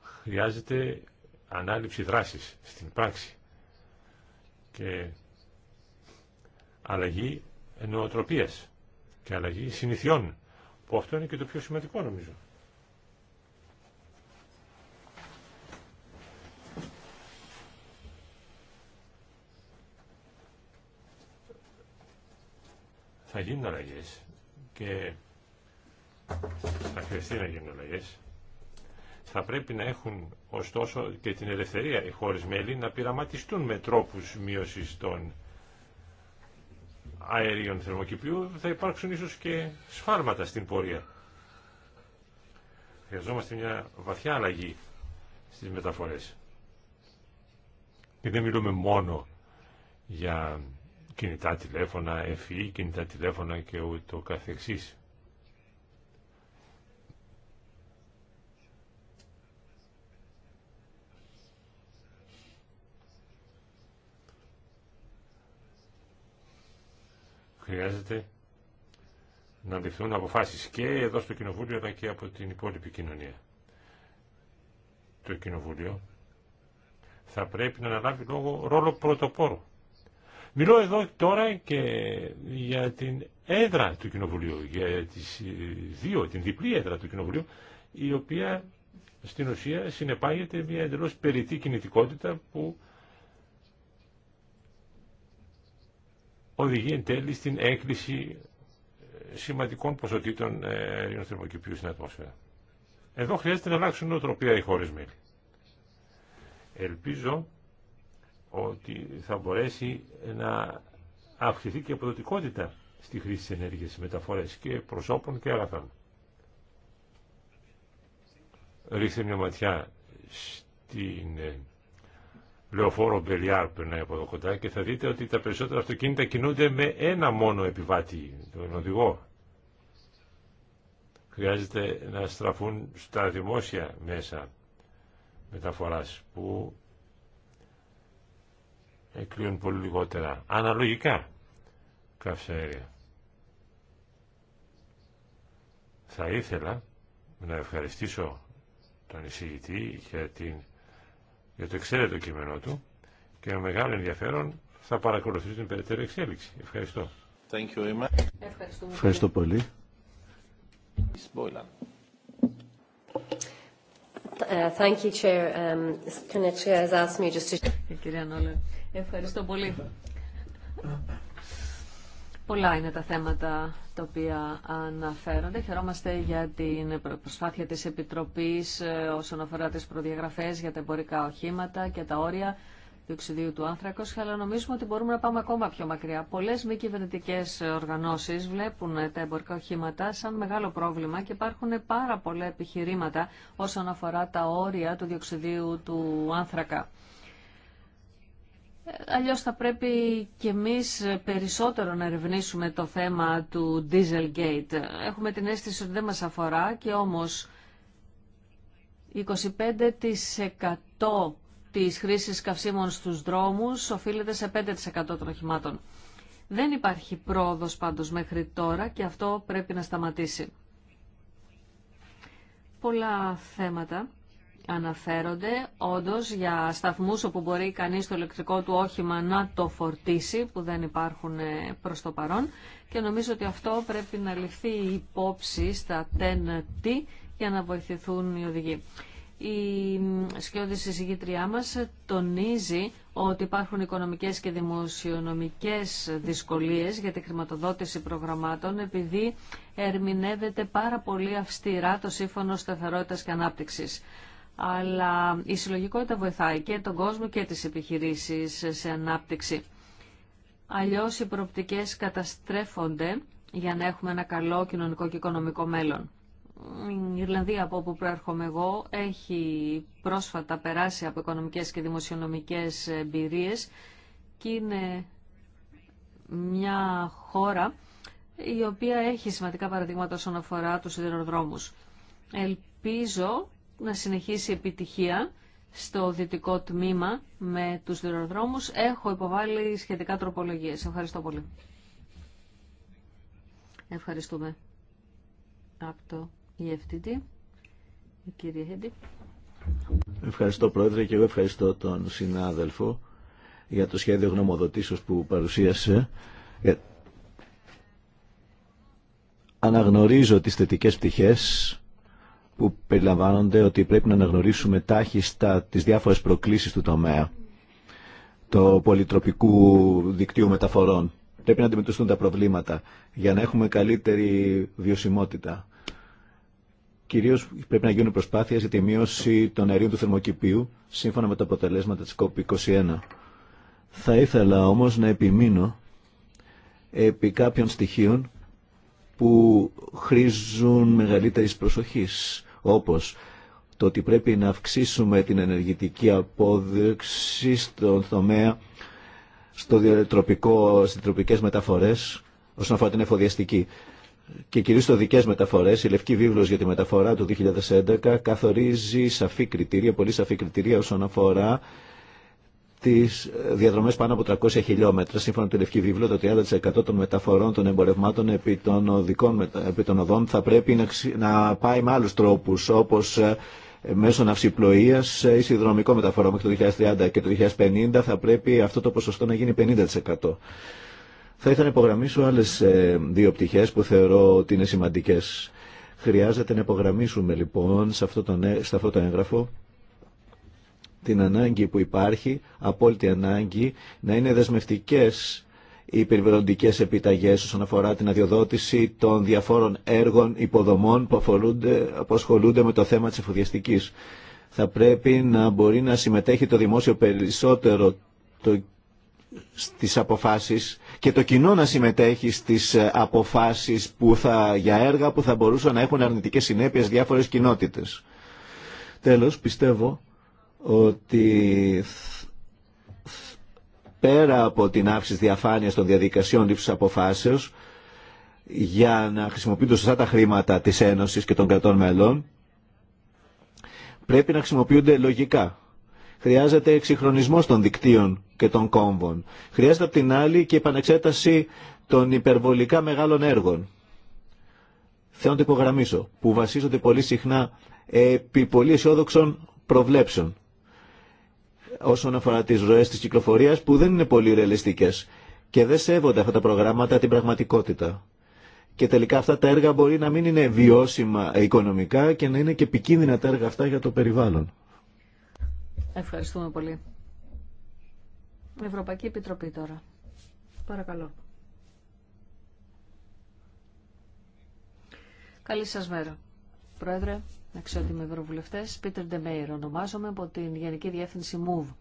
S2: Χρειάζεται ανάληψη δράσης στην πράξη και αλλαγή νοοτροπίας και αλλαγή συνηθιών, που αυτό είναι και το πιο σημαντικό νομίζω. Θα γίνουν αλλαγέ, και θα χρειαστεί να γίνουν αλλαγέ. Θα πρέπει να έχουν ωστόσο και την ελευθερία οι χώρες μέλη να πειραματιστούν με τρόπους μείωσης των αερίων θερμοκηπίου θα υπάρξουν ίσως και σφάλματα στην πορεία. Χρειαζόμαστε μια βαθιά αλλαγή στις μεταφορές. Και δεν μιλούμε μόνο για κινητά τηλέφωνα, FE, κινητά τηλέφωνα και ούτω καθεξής. χρειάζεται να ληφθούν αποφάσεις και εδώ στο Κοινοβούλιο αλλά και από την υπόλοιπη κοινωνία. Το Κοινοβούλιο θα πρέπει να αναλάβει λόγο, ρόλο πρωτοπόρο. Μιλώ εδώ τώρα και για την έδρα του Κοινοβουλίου, για τις ε, δύο, την διπλή έδρα του Κοινοβουλίου, η οποία στην ουσία συνεπάγεται μια εντελώς περιττή κινητικότητα που οδηγεί εν τέλει στην έκκληση ε, σημαντικών ποσοτήτων αερίων θερμοκηπίου στην ατμόσφαιρα. Εδώ χρειάζεται να αλλάξουν νοοτροπία οι χώρε μέλη. Ελπίζω ότι θα μπορέσει να αυξηθεί και η αποδοτικότητα στη χρήση της ενέργειας μεταφορές και προσώπων και αγαθών. Ρίξτε μια ματιά στην ε, λεωφόρο Μπελιάρ περνάει από εδώ κοντά και θα δείτε ότι τα περισσότερα αυτοκίνητα κινούνται με ένα μόνο επιβάτη, τον οδηγό. Χρειάζεται να στραφούν στα δημόσια μέσα μεταφοράς που εκλείουν πολύ λιγότερα αναλογικά καυσαέρια. Θα ήθελα να ευχαριστήσω τον εισηγητή για την γιατί ξέρετε το κείμενό του και με μεγάλο ενδιαφέρον θα παρακολουθήσω την περαιτέρω εξέλιξη. Ευχαριστώ. Thank you very
S1: Ευχαριστώ πολύ.
S3: Ε, thank you, Chair. Um, has asked me just to... Κυρία Νόλε, ευχαριστώ πολύ. Πολλά είναι τα θέματα τα οποία αναφέρονται. Χαιρόμαστε για την προσπάθεια της Επιτροπής ε, όσον αφορά τις προδιαγραφές για τα εμπορικά οχήματα και τα όρια διοξιδίου του άνθρακος, αλλά νομίζουμε ότι μπορούμε να πάμε ακόμα πιο μακριά. Πολλέ μη κυβερνητικέ οργανώσει βλέπουν τα εμπορικά οχήματα σαν μεγάλο πρόβλημα και υπάρχουν πάρα πολλά επιχειρήματα όσον αφορά τα όρια του διοξιδίου του άνθρακα. Αλλιώς θα πρέπει και εμείς περισσότερο να ερευνήσουμε το θέμα του Dieselgate. Έχουμε την αίσθηση ότι δεν μας αφορά και όμως 25% της χρήσης καυσίμων στους δρόμους οφείλεται σε 5% των οχημάτων. Δεν υπάρχει πρόοδος πάντως μέχρι τώρα και αυτό πρέπει να σταματήσει. Πολλά θέματα αναφέρονται όντως για σταθμούς όπου μπορεί κανείς το ηλεκτρικό του όχημα να το φορτίσει που δεν υπάρχουν ε, προς το παρόν και νομίζω ότι αυτό πρέπει να ληφθεί υπόψη στα τέντη για να βοηθηθούν οι οδηγοί. Η σκιώδη συζητήτριά μας τονίζει ότι υπάρχουν οικονομικές και δημοσιονομικές δυσκολίες για τη χρηματοδότηση προγραμμάτων επειδή ερμηνεύεται πάρα πολύ αυστηρά το Σύμφωνο Σταθερότητας και Ανάπτυξης αλλά η συλλογικότητα βοηθάει και τον κόσμο και τις επιχειρήσεις σε ανάπτυξη. Αλλιώς οι προοπτικές καταστρέφονται για να έχουμε ένα καλό κοινωνικό και οικονομικό μέλλον. Η Ιρλανδία από όπου προέρχομαι εγώ έχει πρόσφατα περάσει από οικονομικές και δημοσιονομικές εμπειρίες και είναι μια χώρα η οποία έχει σημαντικά παραδείγματα όσον αφορά τους σιδηροδρόμους. Ελπίζω να συνεχίσει επιτυχία στο δυτικό τμήμα με τους δρομοδρόμους. Έχω υποβάλει σχετικά τροπολογίες. Ευχαριστώ πολύ. Ευχαριστούμε. Από το e η κυρία Χέντη.
S1: Ευχαριστώ Πρόεδρε και εγώ ευχαριστώ τον συνάδελφο για το σχέδιο γνωμοδοτήσεως που παρουσίασε. Ε, αναγνωρίζω τις θετικές πτυχές που περιλαμβάνονται ότι πρέπει να αναγνωρίσουμε τάχιστα τις διάφορες προκλήσεις του τομέα το πολυτροπικού δικτύου μεταφορών. Πρέπει να αντιμετωπιστούν τα προβλήματα για να έχουμε καλύτερη βιωσιμότητα. Κυρίως πρέπει να γίνουν προσπάθειες για τη μείωση των αερίων του θερμοκηπίου σύμφωνα με τα αποτελέσματα της COP21. Θα ήθελα όμως να επιμείνω επί κάποιων στοιχείων που χρήζουν μεγαλύτερης προσοχής όπως το ότι πρέπει να αυξήσουμε την ενεργητική απόδειξη στον τομέα, στο διατροπικό, στις τροπικές μεταφορές, όσον αφορά την εφοδιαστική. Και κυρίως το δικές μεταφορές, η Λευκή Βίβλος για τη μεταφορά του 2011 καθορίζει σαφή κριτήρια, πολύ σαφή κριτήρια όσον αφορά τις διαδρομέ πάνω από 300 χιλιόμετρα. Σύμφωνα με το Λευκή Βίβλο, το 30% των μεταφορών των εμπορευμάτων επί των, επί οδών θα πρέπει να, να πάει με άλλου τρόπου όπως ε, μέσω ναυσιπλοεία ή συνδρομικό μεταφορό μέχρι το 2030 και το 2050 θα πρέπει αυτό το ποσοστό να γίνει 50%. Θα ήθελα να υπογραμμίσω άλλε ε, δύο πτυχέ που θεωρώ ότι είναι σημαντικέ. Χρειάζεται να υπογραμμίσουμε λοιπόν σε αυτό σε αυτό το έγγραφο την ανάγκη που υπάρχει, απόλυτη ανάγκη, να είναι δεσμευτικές οι περιβαλλοντικές επιταγές όσον αφορά την αδειοδότηση των διαφόρων έργων υποδομών που, ασχολούνται με το θέμα της εφοδιαστικής. Θα πρέπει να μπορεί να συμμετέχει το δημόσιο περισσότερο το, στις αποφάσεις και το κοινό να συμμετέχει στις αποφάσεις που θα, για έργα που θα μπορούσαν να έχουν αρνητικές συνέπειες διάφορες κοινότητες. Τέλος, πιστεύω ότι πέρα από την αύξηση διαφάνειας των διαδικασιών λήψης αποφάσεως για να χρησιμοποιούνται σωστά τα χρήματα της Ένωσης και των κρατών μελών πρέπει να χρησιμοποιούνται λογικά. Χρειάζεται εξυγχρονισμό των δικτύων και των κόμβων. Χρειάζεται απ' την άλλη και επανεξέταση των υπερβολικά μεγάλων έργων. Θέλω να το υπογραμμίσω, που βασίζονται πολύ συχνά επί πολύ αισιόδοξων προβλέψεων όσον αφορά τι ροέ τη κυκλοφορία που δεν είναι πολύ ρεαλιστικέ. και δεν σέβονται αυτά τα προγράμματα την πραγματικότητα. Και τελικά αυτά τα έργα μπορεί να μην είναι βιώσιμα οικονομικά και να είναι και επικίνδυνα τα έργα αυτά για το περιβάλλον.
S3: Ευχαριστούμε πολύ. Ευρωπαϊκή Επιτροπή τώρα. Παρακαλώ. Καλή σας μέρα. Πρόεδρε, αξιότιμοι ευρωβουλευτέ. Πίτερ Ντεμέιρο, ονομάζομαι από την Γενική Διεύθυνση MOVE.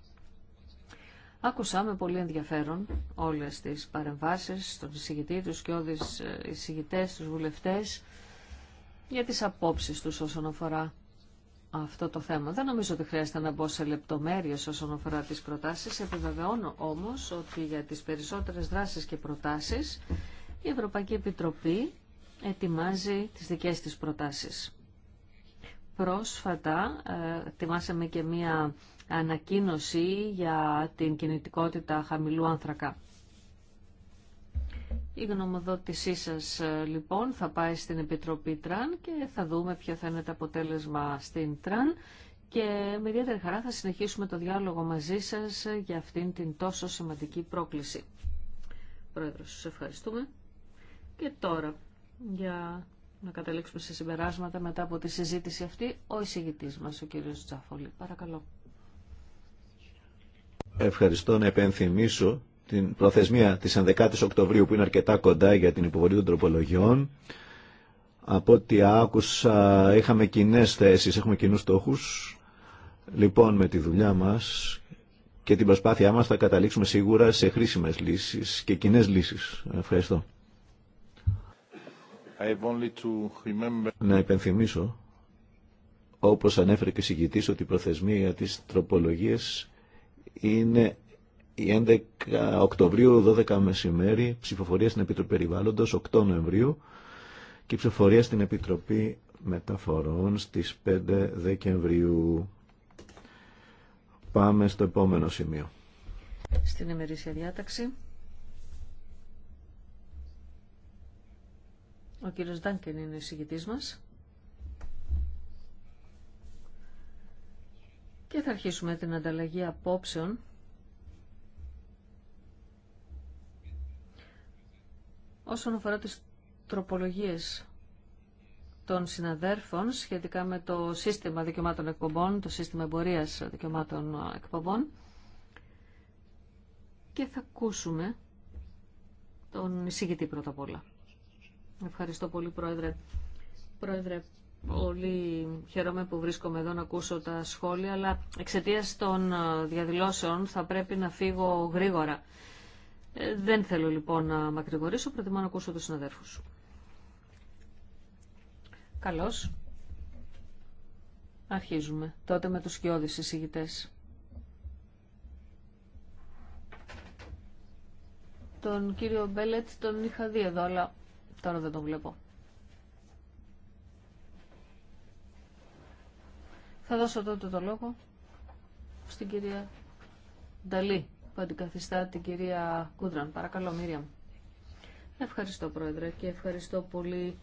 S3: Άκουσα με πολύ ενδιαφέρον όλε τι παρεμβάσει των εισηγητή, του και όλες εισηγητές, του βουλευτέ για τι απόψει του όσον αφορά αυτό το θέμα. Δεν νομίζω ότι χρειάζεται να μπω σε λεπτομέρειε όσον αφορά τι προτάσει, Επιβεβαιώνω όμω ότι για τι περισσότερε δράσει και προτάσει, η Ευρωπαϊκή Επιτροπή ετοιμάζει τι δικέ τη προτάσει. Πρόσφατα ε, ετοιμάσαμε και μία ανακοίνωση για την κινητικότητα χαμηλού άνθρακα. Η γνωμοδότησή σας ε, λοιπόν θα πάει στην Επιτροπή Τραν και θα δούμε ποιο θα είναι το αποτέλεσμα στην Τραν και με ιδιαίτερη χαρά θα συνεχίσουμε το διάλογο μαζί σας ε, για αυτήν την τόσο σημαντική πρόκληση. Πρόεδρος, σας ευχαριστούμε. Και τώρα για να καταλήξουμε σε συμπεράσματα μετά από τη συζήτηση αυτή ο εισηγητής μας, ο κύριος Τσαφόλη. Παρακαλώ.
S1: Ευχαριστώ να επενθυμίσω την προθεσμία της 11 η Οκτωβρίου που είναι αρκετά κοντά για την υποβολή των τροπολογιών. Από ό,τι άκουσα είχαμε κοινέ θέσεις, έχουμε κοινού στόχου. Λοιπόν, με τη δουλειά μας και την προσπάθειά μας θα καταλήξουμε σίγουρα σε χρήσιμες λύσεις και κοινέ λύσεις. Ευχαριστώ. Να υπενθυμίσω, όπως ανέφερε και η συγκητής, ότι η προθεσμία της τροπολογίας είναι η 11 Οκτωβρίου, 12 μεσημέρι, ψηφοφορία στην Επιτροπή Περιβάλλοντος, 8 Νοεμβρίου και ψηφοφορία στην Επιτροπή Μεταφορών στις 5 Δεκεμβρίου. Πάμε στο επόμενο σημείο.
S3: Στην ημερήσια διάταξη. Ο κύριος Ντάνκεν είναι ο μας. Και θα αρχίσουμε την ανταλλαγή απόψεων. Όσον αφορά τις τροπολογίες των συναδέρφων σχετικά με το σύστημα δικαιωμάτων εκπομπών, το σύστημα εμπορίας δικαιωμάτων εκπομπών και θα ακούσουμε τον εισηγητή πρώτα απ' όλα. Ευχαριστώ πολύ, Πρόεδρε. Πρόεδρε, πολύ χαίρομαι που βρίσκομαι εδώ να ακούσω τα σχόλια, αλλά εξαιτία των ε, διαδηλώσεων θα πρέπει να φύγω γρήγορα. Ε, δεν θέλω λοιπόν να μακρηγορήσω, προτιμώ να ακούσω τους συναδέρφους. Καλώς. Αρχίζουμε τότε με τους σκιώδεις εισηγητές. Τον κύριο Μπέλετ τον είχα δει εδώ, αλλά Τώρα δεν το βλέπω. Θα δώσω τότε το λόγο στην κυρία Νταλή που αντικαθιστά την κυρία Κούντραν. Παρακαλώ, Μίριαμ. Ευχαριστώ, Πρόεδρε, και ευχαριστώ πολύ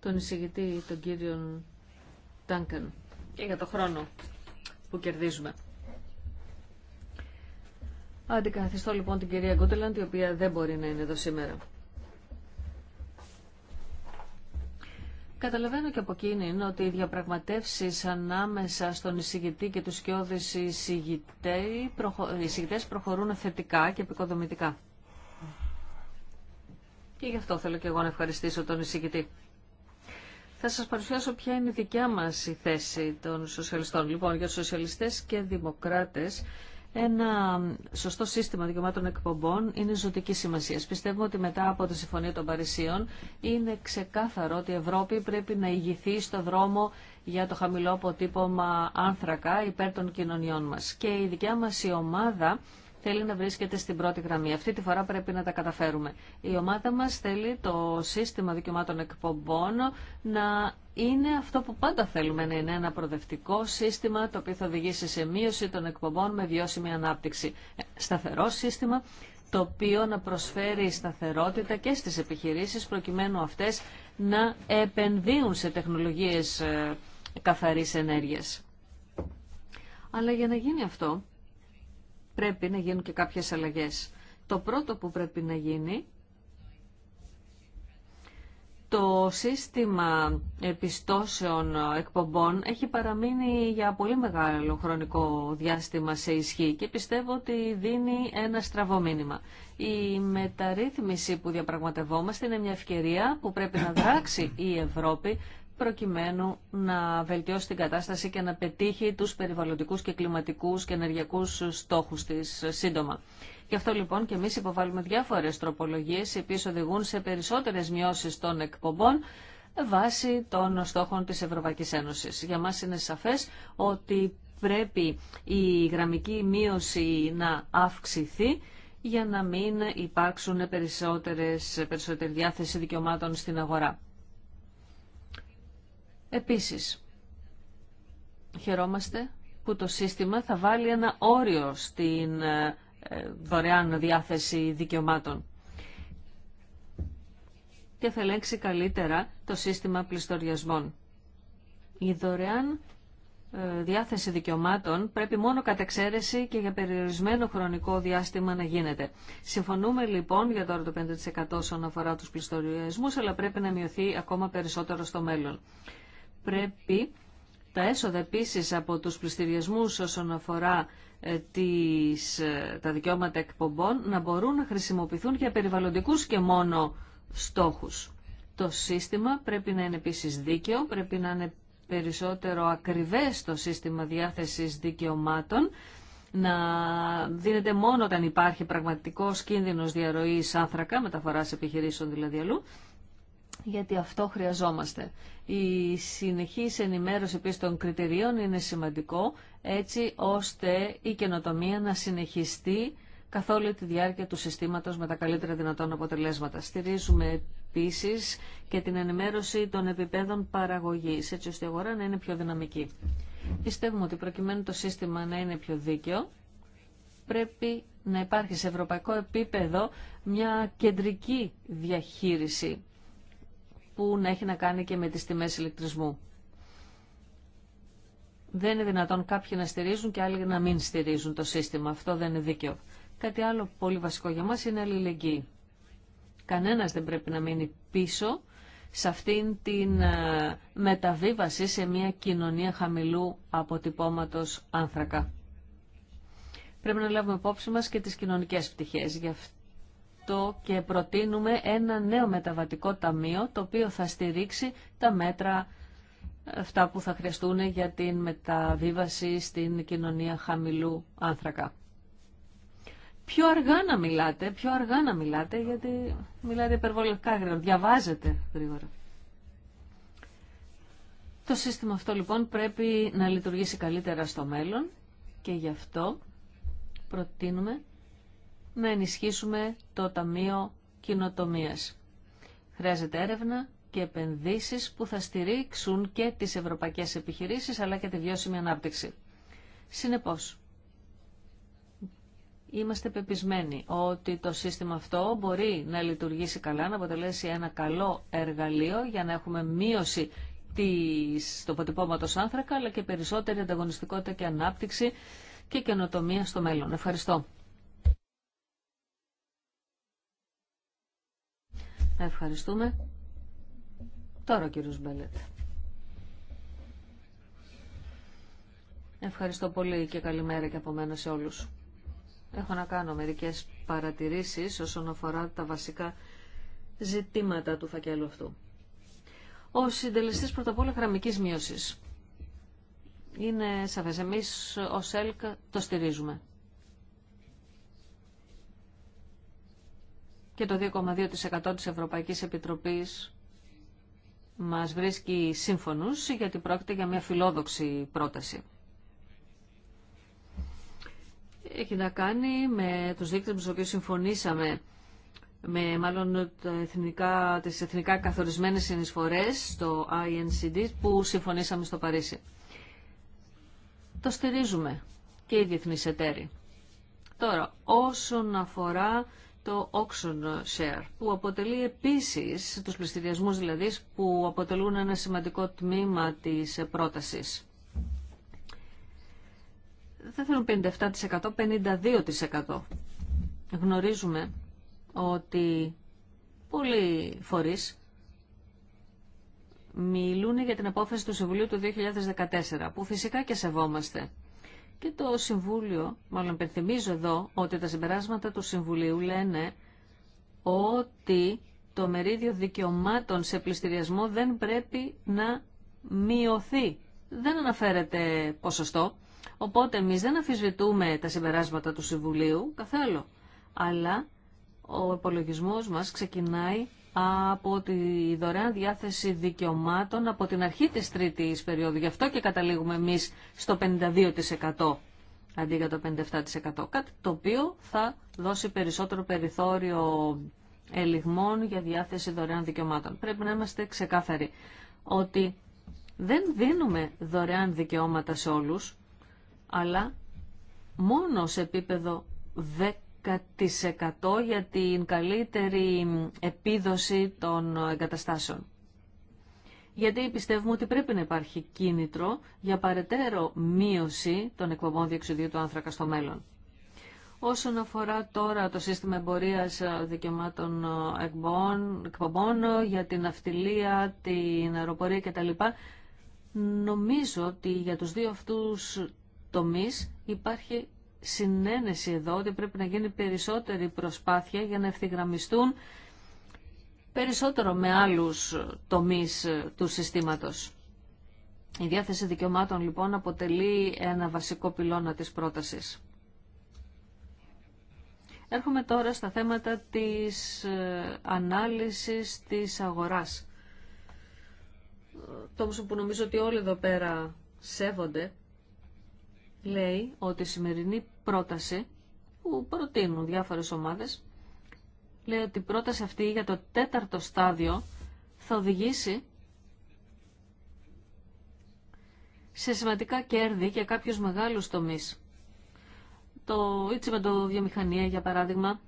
S3: τον εισηγητή, τον κύριο Τάνκεν, και για το χρόνο που κερδίζουμε. Αντικαθιστώ λοιπόν την κυρία Γκούτελαντ, η οποία δεν μπορεί να είναι εδώ σήμερα. Καταλαβαίνω και από εκείνη ότι οι διαπραγματεύσει ανάμεσα στον εισηγητή και τους οι εισηγητές προχωρούν θετικά και επικοδομητικά. Και γι' αυτό θέλω και εγώ να ευχαριστήσω τον εισηγητή. Θα σας παρουσιάσω ποια είναι η δικιά μας η θέση των σοσιαλιστών. Λοιπόν, για τους σοσιαλιστές και δημοκράτες ένα σωστό σύστημα δικαιωμάτων εκπομπών είναι ζωτική σημασία. Πιστεύω ότι μετά από τη Συμφωνία των Παρισίων είναι ξεκάθαρο ότι η Ευρώπη πρέπει να ηγηθεί στο δρόμο για το χαμηλό αποτύπωμα άνθρακα υπέρ των κοινωνιών μας. Και η δικιά μας η ομάδα θέλει να βρίσκεται στην πρώτη γραμμή. Αυτή τη φορά πρέπει να τα καταφέρουμε. Η ομάδα μας θέλει το σύστημα δικαιωμάτων εκπομπών να είναι αυτό που πάντα θέλουμε να είναι ένα προοδευτικό σύστημα το οποίο θα οδηγήσει σε μείωση των εκπομπών με βιώσιμη ανάπτυξη. Ε, σταθερό σύστημα το οποίο να προσφέρει σταθερότητα και στις επιχειρήσεις προκειμένου αυτές να επενδύουν σε τεχνολογίες ε, καθαρής ενέργειας. Αλλά για να γίνει αυτό πρέπει να γίνουν και κάποιες αλλαγές. Το πρώτο που πρέπει να γίνει, το σύστημα επιστώσεων εκπομπών έχει παραμείνει για πολύ μεγάλο χρονικό διάστημα σε ισχύ και πιστεύω ότι δίνει ένα στραβό μήνυμα. Η μεταρρύθμιση που διαπραγματευόμαστε είναι μια ευκαιρία που πρέπει να δράξει η Ευρώπη προκειμένου να βελτιώσει την κατάσταση και να πετύχει τους περιβαλλοντικούς και κλιματικούς και ενεργειακούς στόχους της σύντομα. Γι' αυτό λοιπόν και εμείς υποβάλλουμε διάφορες τροπολογίες οι οποίες οδηγούν σε περισσότερες μειώσεις των εκπομπών βάσει των στόχων της Ευρωπαϊκής Ένωσης. Για μας είναι σαφές ότι πρέπει η γραμμική μείωση να αυξηθεί για να μην υπάρξουν περισσότερες, περισσότερη διάθεση δικαιωμάτων στην αγορά. Επίσης, χαιρόμαστε που το σύστημα θα βάλει ένα όριο στην ε, ε, δωρεάν διάθεση δικαιωμάτων και θα ελέγξει καλύτερα το σύστημα πληστοριασμών. Η δωρεάν ε, διάθεση δικαιωμάτων πρέπει μόνο κατά εξαίρεση και για περιορισμένο χρονικό διάστημα να γίνεται. Συμφωνούμε λοιπόν για το 5% όσον αφορά τους πληστοριασμούς, αλλά πρέπει να μειωθεί ακόμα περισσότερο στο μέλλον πρέπει τα έσοδα επίσης από τους πληστηριασμούς όσον αφορά ε, τις, ε, τα δικαιώματα εκπομπών να μπορούν να χρησιμοποιηθούν για περιβαλλοντικούς και μόνο στόχους. Το σύστημα πρέπει να είναι επίσης δίκαιο, πρέπει να είναι περισσότερο ακριβές το σύστημα διάθεσης δικαιωμάτων, να δίνεται μόνο όταν υπάρχει πραγματικός κίνδυνος διαρροής άνθρακα, μεταφοράς επιχειρήσεων δηλαδή αλλού, γιατί αυτό χρειαζόμαστε. Η συνεχής ενημέρωση επίσης των κριτηρίων είναι σημαντικό, έτσι ώστε η καινοτομία να συνεχιστεί καθ' όλη τη διάρκεια του συστήματος με τα καλύτερα δυνατόν αποτελέσματα. Στηρίζουμε επίσης και την ενημέρωση των επιπέδων παραγωγής, έτσι ώστε η αγορά να είναι πιο δυναμική. Πιστεύουμε ότι προκειμένου το σύστημα να είναι πιο δίκαιο, πρέπει να υπάρχει σε ευρωπαϊκό επίπεδο μια κεντρική διαχείριση που να έχει να κάνει και με τις τιμές ηλεκτρισμού. Δεν είναι δυνατόν κάποιοι να στηρίζουν και άλλοι να μην στηρίζουν το σύστημα. Αυτό δεν είναι δίκαιο. Κάτι άλλο πολύ βασικό για μας είναι αλληλεγγύη. Κανένας δεν πρέπει να μείνει πίσω σε αυτήν την ε, μεταβίβαση σε μια κοινωνία χαμηλού αποτυπώματος άνθρακα. Πρέπει να λάβουμε υπόψη μας και τις κοινωνικές πτυχές. Το και προτείνουμε ένα νέο μεταβατικό ταμείο το οποίο θα στηρίξει τα μέτρα ε, αυτά που θα χρειαστούν για την μεταβίβαση στην κοινωνία χαμηλού άνθρακα. Πιο αργά να μιλάτε, πιο αργά να μιλάτε, γιατί μιλάτε υπερβολικά γρήγορα, διαβάζετε γρήγορα. Το σύστημα αυτό λοιπόν πρέπει να λειτουργήσει καλύτερα στο μέλλον και γι' αυτό προτείνουμε να ενισχύσουμε το Ταμείο Κοινοτομίας. Χρειάζεται έρευνα και επενδύσεις που θα στηρίξουν και τις ευρωπαϊκές επιχειρήσεις αλλά και τη βιώσιμη ανάπτυξη. Συνεπώς, είμαστε πεπισμένοι ότι το σύστημα αυτό μπορεί να λειτουργήσει καλά, να αποτελέσει ένα καλό εργαλείο για να έχουμε μείωση της, το άνθρακα αλλά και περισσότερη ανταγωνιστικότητα και ανάπτυξη και καινοτομία στο μέλλον. Ευχαριστώ. Ευχαριστούμε. Τώρα ο κύριος Μπέλετ. Ευχαριστώ πολύ και καλημέρα και από μένα σε όλους. Έχω να κάνω μερικές παρατηρήσεις όσον αφορά τα βασικά ζητήματα του φακέλου αυτού. Ο συντελεστής πρώτα απ' όλα γραμμικής μείωσης. Είναι σαφές. Εμείς ως ΕΛΚ το στηρίζουμε. και το 2,2% της Ευρωπαϊκής Επιτροπής μας βρίσκει σύμφωνους γιατί πρόκειται για μια φιλόδοξη πρόταση. Έχει να κάνει με τους δείκτες με τους οποίους συμφωνήσαμε με μάλλον τα εθνικά, τις εθνικά καθορισμένες συνεισφορές στο INCD που συμφωνήσαμε στο Παρίσι. Το στηρίζουμε και οι διεθνείς εταίροι. Τώρα, όσον αφορά το auction share, που αποτελεί επίσης τους πληστηριασμούς δηλαδή που αποτελούν ένα σημαντικό τμήμα της πρότασης. Δεν θέλουν 57%, 52%. Γνωρίζουμε ότι πολλοί φορείς μιλούν για την απόφαση του Συμβουλίου του 2014, που φυσικά και σεβόμαστε. Και το Συμβούλιο, μάλλον υπενθυμίζω εδώ, ότι τα συμπεράσματα του Συμβουλίου λένε ότι το μερίδιο δικαιωμάτων σε πληστηριασμό δεν πρέπει να μειωθεί. Δεν αναφέρεται ποσοστό, οπότε εμεί δεν αφισβητούμε τα συμπεράσματα του Συμβουλίου, καθόλου. Αλλά ο υπολογισμός μας ξεκινάει από τη δωρεάν διάθεση δικαιωμάτων από την αρχή της τρίτης περίοδου. Γι' αυτό και καταλήγουμε εμείς στο 52% αντί για το 57%. Κάτι το οποίο θα δώσει περισσότερο περιθώριο ελιγμών για διάθεση δωρεάν δικαιωμάτων. Πρέπει να είμαστε ξεκάθαροι ότι δεν δίνουμε δωρεάν δικαιώματα σε όλους, αλλά μόνο σε επίπεδο 10% για την καλύτερη επίδοση των εγκαταστάσεων. Γιατί πιστεύουμε ότι πρέπει να υπάρχει κίνητρο για παρετέρω μείωση των εκπομπών διεξουδίου του άνθρακα στο μέλλον. Όσον αφορά τώρα το σύστημα εμπορίας δικαιωμάτων εκπομπών για την αυτιλία, την αεροπορία κτλ. Νομίζω ότι για τους δύο αυτούς τομείς υπάρχει συνένεση εδώ ότι πρέπει να γίνει περισσότερη προσπάθεια για να ευθυγραμμιστούν περισσότερο με άλλους τομείς του συστήματος. Η διάθεση δικαιωμάτων λοιπόν αποτελεί ένα βασικό πυλώνα της πρότασης. Έρχομαι τώρα στα θέματα της ε, ανάλυσης της αγοράς. Τόμους που νομίζω ότι όλοι εδώ πέρα σέβονται λέει ότι η σημερινή πρόταση που προτείνουν διάφορες ομάδες λέει ότι η πρόταση αυτή για το τέταρτο στάδιο θα οδηγήσει σε σημαντικά κέρδη για κάποιους μεγάλους τομείς. Το το βιομηχανία για παράδειγμα.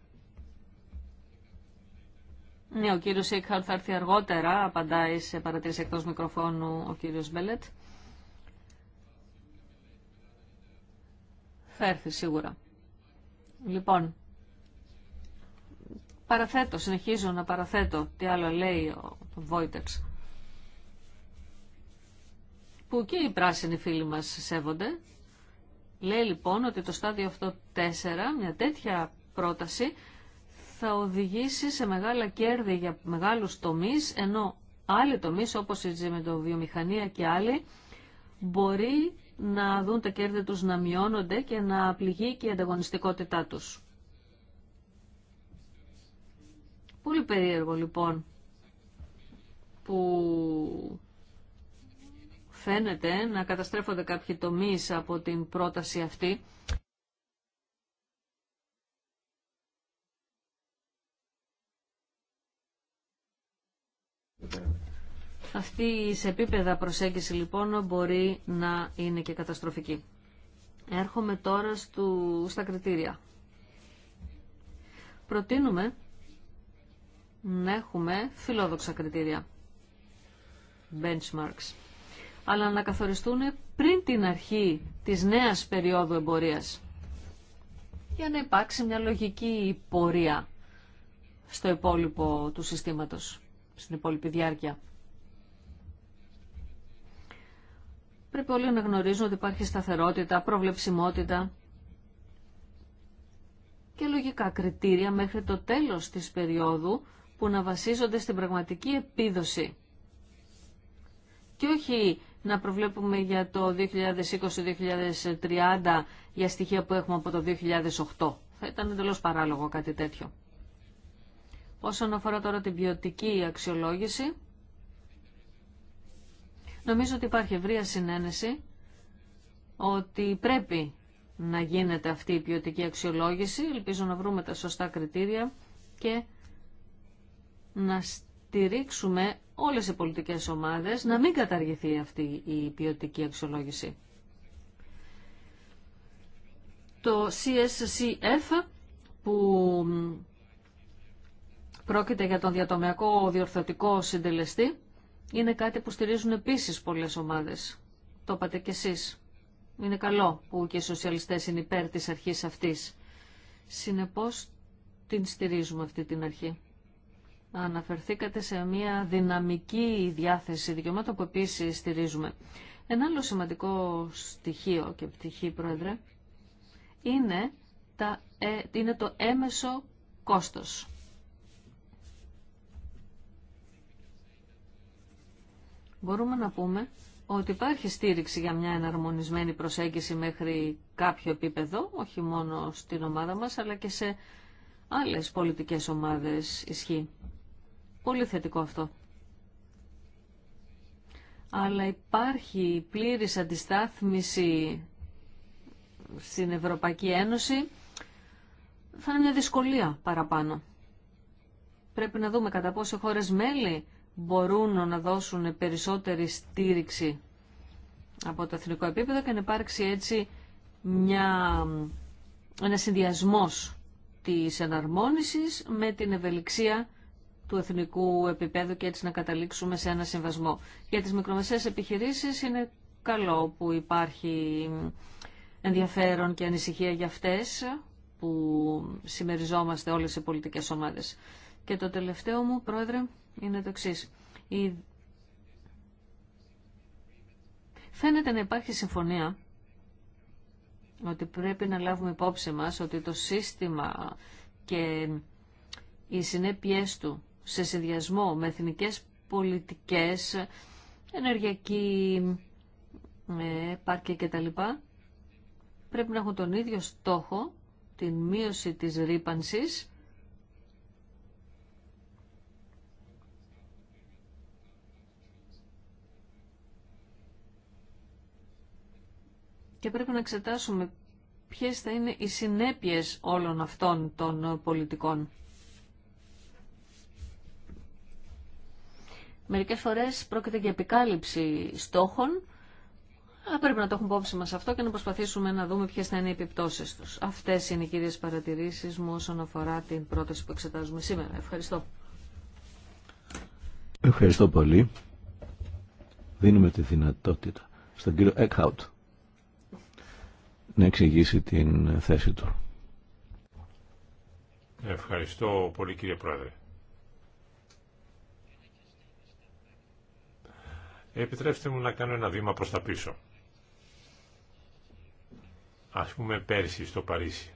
S3: Ναι, ο κύριος Σίχαρ θα έρθει αργότερα, απαντάει σε παρατήρηση εκτός μικροφώνου ο κύριος Μπέλετ. Θα έρθει σίγουρα. Λοιπόν, παραθέτω, συνεχίζω να παραθέτω τι άλλο λέει ο Βόιτεξ. Που και οι πράσινοι φίλοι μας σέβονται. Λέει λοιπόν ότι το στάδιο αυτό 4, μια τέτοια πρόταση, θα οδηγήσει σε μεγάλα κέρδη για μεγάλους τομείς, ενώ άλλοι τομείς όπως η βιομηχανία και άλλοι μπορεί να δουν τα κέρδη τους να μειώνονται και να πληγεί και η ανταγωνιστικότητά τους. Πολύ περίεργο λοιπόν που φαίνεται να καταστρέφονται κάποιοι τομείς από την πρόταση αυτή. Αυτή η σε επίπεδα προσέγγιση λοιπόν μπορεί να είναι και καταστροφική. Έρχομαι τώρα στα κριτήρια. Προτείνουμε να έχουμε φιλόδοξα κριτήρια, benchmarks, αλλά να καθοριστούν πριν την αρχή της νέας περίοδου εμπορίας, για να υπάρξει μια λογική πορεία στο υπόλοιπο του συστήματος, στην υπόλοιπη διάρκεια. Πρέπει όλοι να γνωρίζουν ότι υπάρχει σταθερότητα, προβλεψιμότητα και λογικά κριτήρια μέχρι το τέλος της περίοδου που να βασίζονται στην πραγματική επίδοση. Και όχι να προβλέπουμε για το 2020-2030 για στοιχεία που έχουμε από το 2008. Θα ήταν εντελώς παράλογο κάτι τέτοιο. Όσον αφορά τώρα την ποιοτική αξιολόγηση, Νομίζω ότι υπάρχει ευρεία συνένεση ότι πρέπει να γίνεται αυτή η ποιοτική αξιολόγηση. Ελπίζω να βρούμε τα σωστά κριτήρια και να στηρίξουμε όλες οι πολιτικές ομάδες να μην καταργηθεί αυτή η ποιοτική αξιολόγηση. Το CSCF που πρόκειται για τον διατομιακό διορθωτικό συντελεστή είναι κάτι που στηρίζουν επίσης πολλές ομάδες. Το είπατε κι εσείς. Είναι καλό που και οι σοσιαλιστές είναι υπέρ της αρχής αυτής. Συνεπώς την στηρίζουμε αυτή την αρχή. Αναφερθήκατε σε μια δυναμική διάθεση δικαιωμάτων που επίσης στηρίζουμε. Ένα άλλο σημαντικό στοιχείο και πτυχή, Πρόεδρε, είναι, τα, ε, είναι το έμεσο κόστος. μπορούμε να πούμε ότι υπάρχει στήριξη για μια εναρμονισμένη προσέγγιση μέχρι κάποιο επίπεδο, όχι μόνο στην ομάδα μας, αλλά και σε άλλες πολιτικές ομάδες ισχύει. Πολύ θετικό αυτό. Αλλά υπάρχει πλήρης αντιστάθμιση στην Ευρωπαϊκή Ένωση, θα είναι μια δυσκολία παραπάνω. Πρέπει να δούμε κατά πόσο χώρες μέλη μπορούν να δώσουν περισσότερη στήριξη από το εθνικό επίπεδο και να υπάρξει έτσι μια, ένα συνδυασμός της εναρμόνισης με την ευελιξία του εθνικού επίπεδου και έτσι να καταλήξουμε σε ένα συμβασμό. Για τις μικρομεσαίες επιχειρήσεις είναι καλό που υπάρχει ενδιαφέρον και ανησυχία για αυτές που συμμεριζόμαστε όλες οι πολιτικές ομάδες. Και το τελευταίο μου, Πρόεδρε, είναι το εξή. Η... Φαίνεται να υπάρχει συμφωνία ότι πρέπει να λάβουμε υπόψη μας ότι το σύστημα και οι συνέπειές του σε συνδυασμό με εθνικές πολιτικές, ενεργειακή ε, και τα κτλ. Πρέπει να έχουν τον ίδιο στόχο, την μείωση της ρήπανσης και πρέπει να εξετάσουμε ποιες θα είναι οι συνέπειες όλων αυτών των πολιτικών. Μερικές φορές πρόκειται για επικάλυψη στόχων, αλλά πρέπει να το έχουμε υπόψη μας αυτό και να προσπαθήσουμε να δούμε ποιες θα είναι οι επιπτώσεις τους. Αυτές είναι οι κυρίες παρατηρήσεις μου όσον αφορά την πρόταση που εξετάζουμε σήμερα. Ευχαριστώ.
S1: Ευχαριστώ πολύ. Δίνουμε τη δυνατότητα στον κύριο Εκχάουτ να εξηγήσει την θέση του.
S2: Ευχαριστώ πολύ κύριε Πρόεδρε. Επιτρέψτε μου να κάνω ένα βήμα προς τα πίσω. Ας πούμε πέρσι στο Παρίσι,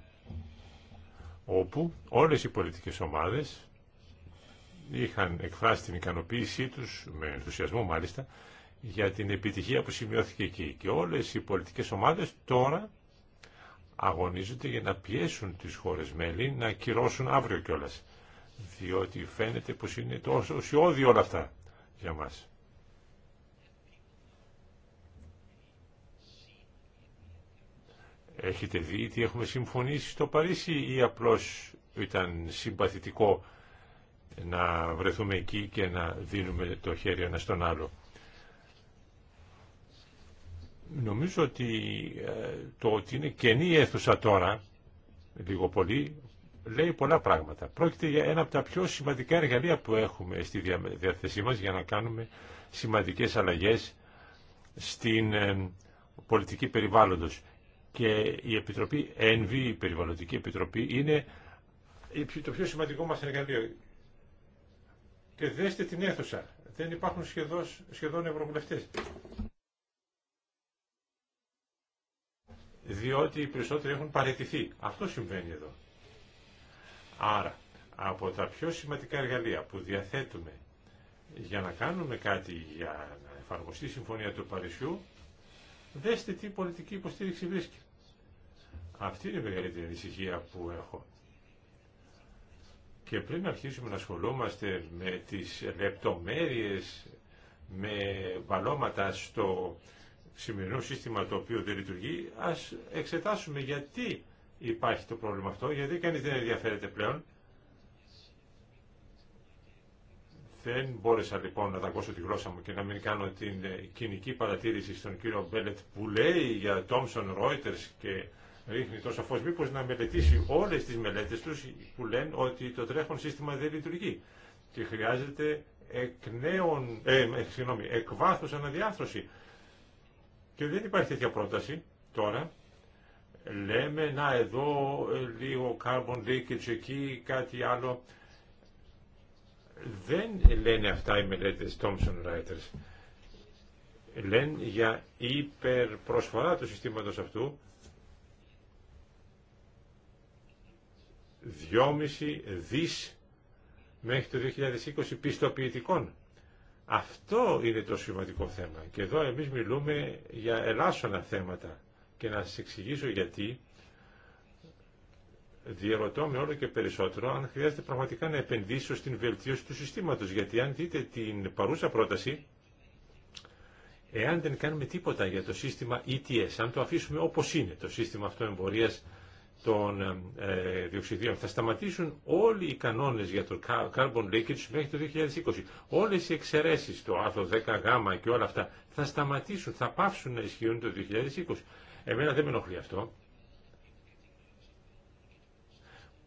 S2: όπου όλες οι πολιτικές ομάδες είχαν εκφράσει την ικανοποίησή τους, με ενθουσιασμό μάλιστα, για την επιτυχία που σημειώθηκε εκεί. Και όλες οι πολιτικές ομάδες τώρα αγωνίζονται για να πιέσουν τις χώρες μέλη να κυρώσουν αύριο κιόλας. Διότι φαίνεται πως είναι τόσο ουσιώδη όλα αυτά για μας. Έχετε δει τι έχουμε συμφωνήσει στο Παρίσι ή απλώς ήταν συμπαθητικό να βρεθούμε εκεί και να δίνουμε το χέρι ένα στον άλλο. Νομίζω ότι ε, το ότι είναι καινή η αίθουσα τώρα, λίγο πολύ, λέει πολλά πράγματα. Πρόκειται για ένα από τα πιο σημαντικά εργαλεία που έχουμε στη διάθεσή μας για να κάνουμε σημαντικές αλλαγές στην ε, πολιτική περιβάλλοντος. Και η Επιτροπή ΕΝΒΗ, η Περιβαλλοντική Επιτροπή, είναι το πιο σημαντικό μας εργαλείο. Και δέστε την αίθουσα. Δεν υπάρχουν σχεδόν, σχεδόν ευρωβουλευτές. διότι οι περισσότεροι έχουν παραιτηθεί. Αυτό συμβαίνει εδώ. Άρα, από τα πιο σημαντικά εργαλεία που διαθέτουμε για να κάνουμε κάτι για να εφαρμοστεί η Συμφωνία του Παρισιού, δέστε τι πολιτική υποστήριξη βρίσκει. Αυτή είναι η μεγαλύτερη ανησυχία που έχω. Και πριν αρχίσουμε να ασχολούμαστε με τις λεπτομέρειες, με βαλώματα στο σημερινό σύστημα το οποίο δεν λειτουργεί, ας εξετάσουμε γιατί υπάρχει το πρόβλημα αυτό, γιατί κανείς δεν ενδιαφέρεται πλέον. Δεν μπόρεσα λοιπόν να δαγκώσω τη γλώσσα μου και να μην κάνω την ε, κοινική παρατήρηση στον κύριο Μπέλετ που λέει για Thomson Reuters και ρίχνει τόσο φως μήπως να μελετήσει όλες τις μελέτες τους που λένε ότι το τρέχον σύστημα δεν λειτουργεί και χρειάζεται εκ νέων, ε, συγγνώμη, εκ βάθους αναδιάθρωση και δεν υπάρχει τέτοια πρόταση τώρα. Λέμε, να εδώ ε, λίγο carbon leakage εκεί, κάτι άλλο. Δεν λένε αυτά οι μελέτες Thomson Reuters. Λένε για υπερπροσφορά του συστήματος αυτού 2,5 δις μέχρι το 2020 πιστοποιητικών. Αυτό είναι το σημαντικό θέμα. Και εδώ εμείς μιλούμε για ελάσσονα θέματα. Και να σας εξηγήσω γιατί διαρωτώ με όλο και περισσότερο αν χρειάζεται πραγματικά να επενδύσω στην βελτίωση του συστήματος. Γιατί αν δείτε την παρούσα πρόταση, εάν δεν κάνουμε τίποτα για το σύστημα ETS, αν το αφήσουμε όπως είναι το σύστημα αυτό των ε, διοξιδίων. Θα σταματήσουν όλοι οι κανόνες για το carbon leakage μέχρι το 2020. Όλες οι εξαιρέσεις, το άρθρο 10Γ και όλα αυτά, θα σταματήσουν, θα πάψουν να ισχύουν το 2020. Εμένα δεν με ενοχλεί αυτό.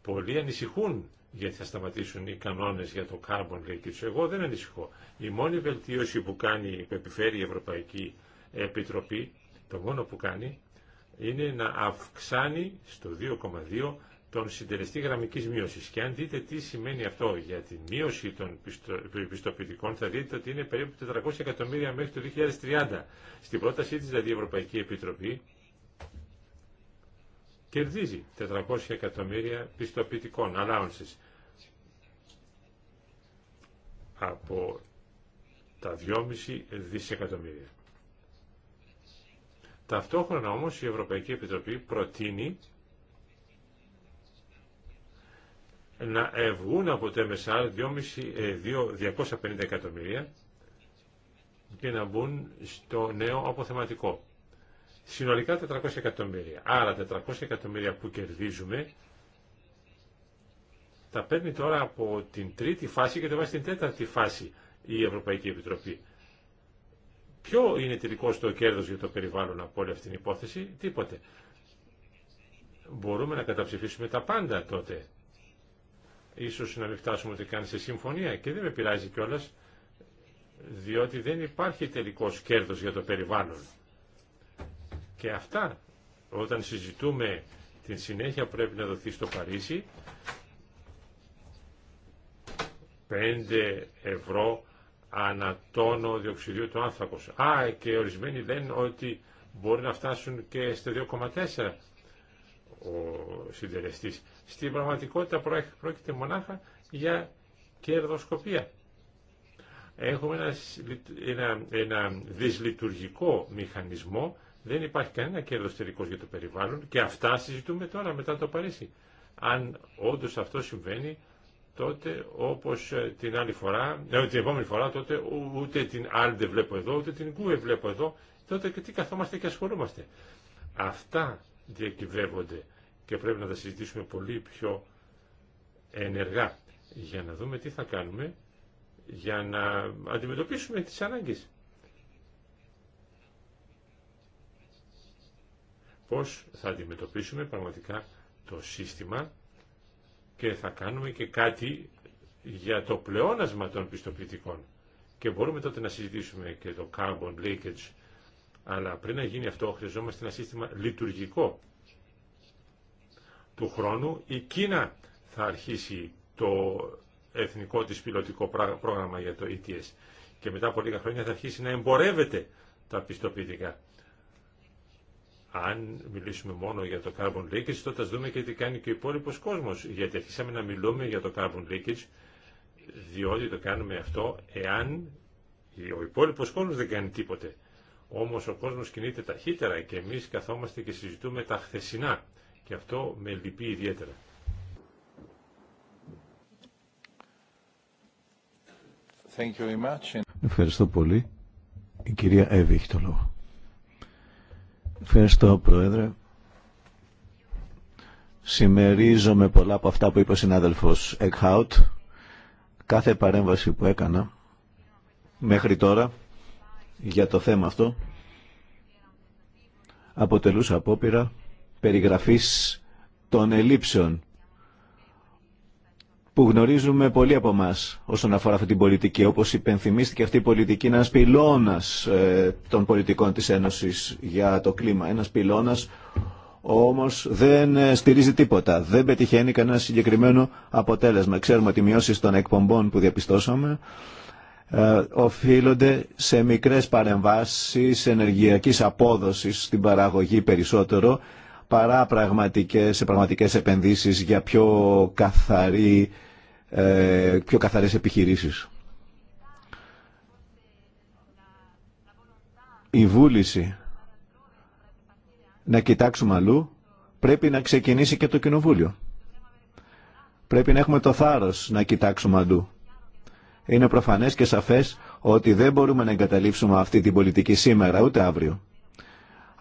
S2: Πολλοί ανησυχούν γιατί θα σταματήσουν οι κανόνες για το carbon leakage. Εγώ δεν ανησυχώ. Η μόνη βελτίωση που κάνει, που επιφέρει η Ευρωπαϊκή Επιτροπή, το μόνο που κάνει, είναι να αυξάνει στο 2,2 τον συντελεστή γραμμικής μείωσης. Και αν δείτε τι σημαίνει αυτό για τη μείωση των πιστοποιητικών, θα δείτε ότι είναι περίπου 400 εκατομμύρια μέχρι το 2030. Στην πρότασή της, δηλαδή, η Ευρωπαϊκή Επιτροπή κερδίζει 400 εκατομμύρια πιστοποιητικών, allowances. Από τα 2,5 δισεκατομμύρια. Ταυτόχρονα όμως η Ευρωπαϊκή Επιτροπή προτείνει να ευγούν από το MSR 250 ε, εκατομμύρια και να μπουν στο νέο αποθεματικό. Συνολικά 400 εκατομμύρια. Άρα 400 εκατομμύρια που κερδίζουμε τα παίρνει τώρα από την τρίτη φάση και το βάζει στην τέταρτη φάση η Ευρωπαϊκή Επιτροπή. Ποιο είναι τελικό το κέρδος για το περιβάλλον από όλη αυτή την υπόθεση, τίποτε. Μπορούμε να καταψηφίσουμε τα πάντα τότε. Ίσως να μην φτάσουμε ούτε καν σε συμφωνία και δεν με πειράζει κιόλα, διότι δεν υπάρχει τελικό κέρδος για το περιβάλλον. Και αυτά, όταν συζητούμε την συνέχεια πρέπει να δοθεί στο Παρίσι, 5 ευρώ ανατόνο διοξιδίου του άνθρακος. Α, και ορισμένοι λένε ότι μπορεί να φτάσουν και στο 2,4 ο συντελεστής. Στην πραγματικότητα πρόκειται μονάχα για κερδοσκοπία. Έχουμε ένα, ένα, δυσλειτουργικό μηχανισμό, δεν υπάρχει κανένα κέρδος τελικός για το περιβάλλον και αυτά συζητούμε τώρα μετά το Παρίσι. Αν όντως αυτό συμβαίνει, τότε όπως ε, την άλλη φορά, ναι, την επόμενη φορά τότε ούτε την άλλη δεν βλέπω εδώ, ούτε την ΚΟΥΕ βλέπω εδώ, τότε και τι καθόμαστε και ασχολούμαστε. Αυτά διακυβεύονται και πρέπει να τα συζητήσουμε πολύ πιο ενεργά για να δούμε τι θα κάνουμε για να αντιμετωπίσουμε τις ανάγκες. Πώς θα αντιμετωπίσουμε πραγματικά το σύστημα και θα κάνουμε και κάτι για το πλεόνασμα των πιστοποιητικών. Και μπορούμε τότε να συζητήσουμε και το carbon leakage, αλλά πριν να γίνει αυτό χρειαζόμαστε ένα σύστημα λειτουργικό. Του χρόνου η Κίνα θα αρχίσει το εθνικό της πιλωτικό πρόγραμμα για το ETS και μετά από λίγα χρόνια θα αρχίσει να εμπορεύεται τα πιστοποιητικά. Αν μιλήσουμε μόνο για το carbon leakage, τότε ας δούμε και τι κάνει και ο υπόλοιπος κόσμος. Γιατί αρχίσαμε να μιλούμε για το carbon leakage, διότι το κάνουμε αυτό εάν ο υπόλοιπος κόσμος δεν κάνει τίποτε. Όμως ο κόσμος κινείται ταχύτερα και εμείς καθόμαστε και συζητούμε τα χθεσινά. Και αυτό με λυπεί ιδιαίτερα. Thank you very much.
S1: Ευχαριστώ πολύ. Η κυρία Εύη έχει το λόγο. Ευχαριστώ, Πρόεδρε. Συμμερίζομαι πολλά από αυτά που είπε ο συνάδελφος Εκχάουτ. Κάθε παρέμβαση που έκανα μέχρι τώρα για το θέμα αυτό αποτελούσε απόπειρα περιγραφής των ελλείψεων που γνωρίζουμε πολλοί από εμά όσον αφορά αυτή την πολιτική. Όπως υπενθυμίστηκε αυτή η πολιτική είναι ένας πυλώνας ε, των πολιτικών της Ένωσης για το κλίμα. Ένας πυλώνα όμως δεν ε, στηρίζει τίποτα, δεν πετυχαίνει κανένα συγκεκριμένο αποτέλεσμα. Ξέρουμε ότι οι μειώσεις των εκπομπών που διαπιστώσαμε ε, οφείλονται σε μικρέ παρεμβάσει ενεργειακή απόδοση στην παραγωγή περισσότερο παρά πραγματικές, σε πραγματικές επενδύσεις για πιο, καθαρή, ε, πιο καθαρές επιχειρήσεις. Η βούληση να κοιτάξουμε αλλού πρέπει να ξεκινήσει και το Κοινοβούλιο. Πρέπει να έχουμε το θάρρος να κοιτάξουμε αλλού. Είναι προφανές και σαφές ότι δεν μπορούμε να εγκαταλείψουμε αυτή την πολιτική σήμερα ούτε αύριο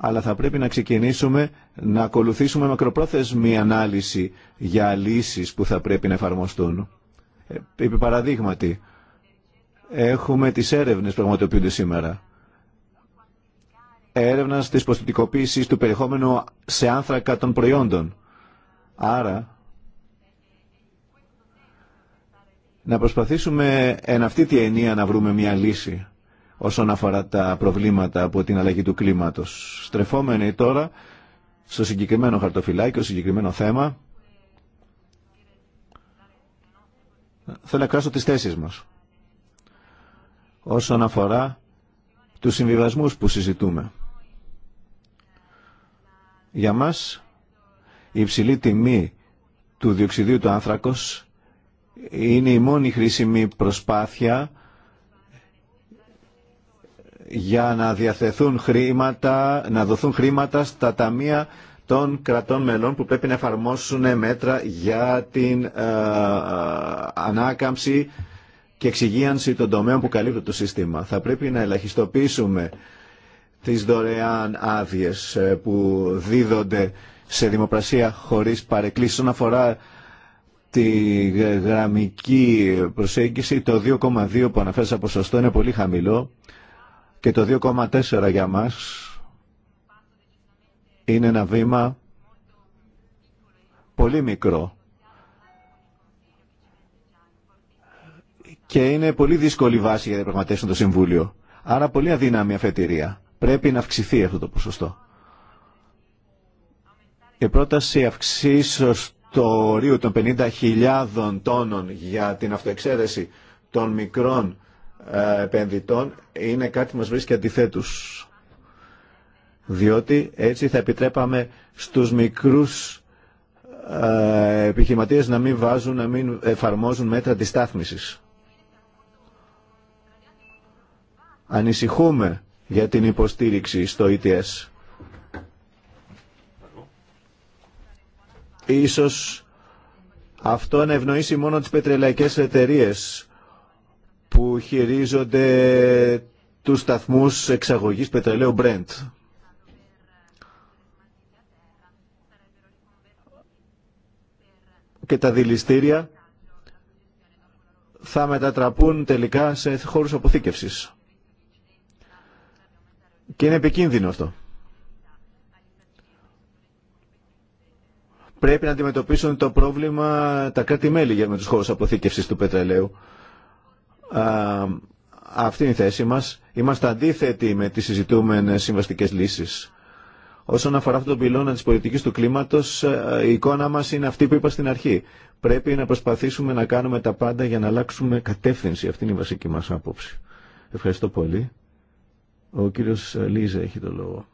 S1: αλλά θα πρέπει να ξεκινήσουμε να ακολουθήσουμε μακροπρόθεσμη ανάλυση για λύσεις που θα πρέπει να εφαρμοστούν. Ε, επί παραδείγματι, έχουμε τις έρευνες που πραγματοποιούνται σήμερα. Έρευνα της προστατικοποίησης του περιεχόμενου σε άνθρακα των προϊόντων. Άρα, να προσπαθήσουμε εν αυτή τη ενία να βρούμε μια λύση όσον αφορά τα προβλήματα από την αλλαγή του κλίματος. Στρεφόμενοι τώρα στο συγκεκριμένο χαρτοφυλάκιο, συγκεκριμένο θέμα, θέλω να κράσω τις θέσεις μας όσον αφορά τους συμβιβασμούς που συζητούμε. Για μας η υψηλή τιμή του διοξιδίου του άνθρακος είναι η μόνη χρήσιμη προσπάθεια για να διαθεθούν χρήματα, να δοθούν χρήματα στα ταμεία των κρατών μελών που πρέπει να εφαρμόσουν μέτρα για την ε, ε, ανάκαμψη και εξυγίανση των τομέων που καλύπτουν το σύστημα. Θα πρέπει να ελαχιστοποιήσουμε τις δωρεάν άδειε ε, που δίδονται σε δημοπρασία χωρίς παρεκκλήσεις. Όσον αφορά τη γραμμική προσέγγιση, το 2,2 που αναφέρασα ποσοστό είναι πολύ χαμηλό και το 2,4 για μας είναι ένα βήμα πολύ μικρό. Και είναι πολύ δύσκολη βάση για να πραγματεύσουν το Συμβούλιο. Άρα πολύ αδύναμη αφετηρία. Πρέπει να αυξηθεί αυτό το ποσοστό. Η πρόταση αυξήσεως το ρίο των 50.000 τόνων για την αυτοεξαίρεση των μικρών ε, επενδυτών είναι κάτι που μας βρίσκει αντιθέτους. Διότι έτσι θα επιτρέπαμε στους μικρούς ε, επιχειρηματίες να μην βάζουν, να μην εφαρμόζουν μέτρα αντιστάθμισης. Ανησυχούμε για την υποστήριξη στο ETS. Ίσως αυτό να ευνοήσει μόνο τις πετρελαϊκές εταιρείες που χειρίζονται τους σταθμούς εξαγωγής πετρελαίου Brent. Και τα δηληστήρια θα μετατραπούν τελικά σε χώρους αποθήκευσης. Και είναι επικίνδυνο αυτό. Πρέπει να αντιμετωπίσουν το πρόβλημα τα κράτη-μέλη για με τους χώρους αποθήκευσης του πετρελαίου αυτή είναι η θέση μας. Είμαστε αντίθετοι με τις συζητούμενες συμβαστικές λύσεις. Όσον αφορά αυτόν τον πυλώνα της πολιτικής του κλίματος, ε, η εικόνα μας είναι αυτή που είπα στην αρχή. Πρέπει να προσπαθήσουμε να κάνουμε τα πάντα για να αλλάξουμε κατεύθυνση. Αυτή είναι η βασική μας άποψη. Ευχαριστώ πολύ. Ο κύριος Λίζα έχει το λόγο.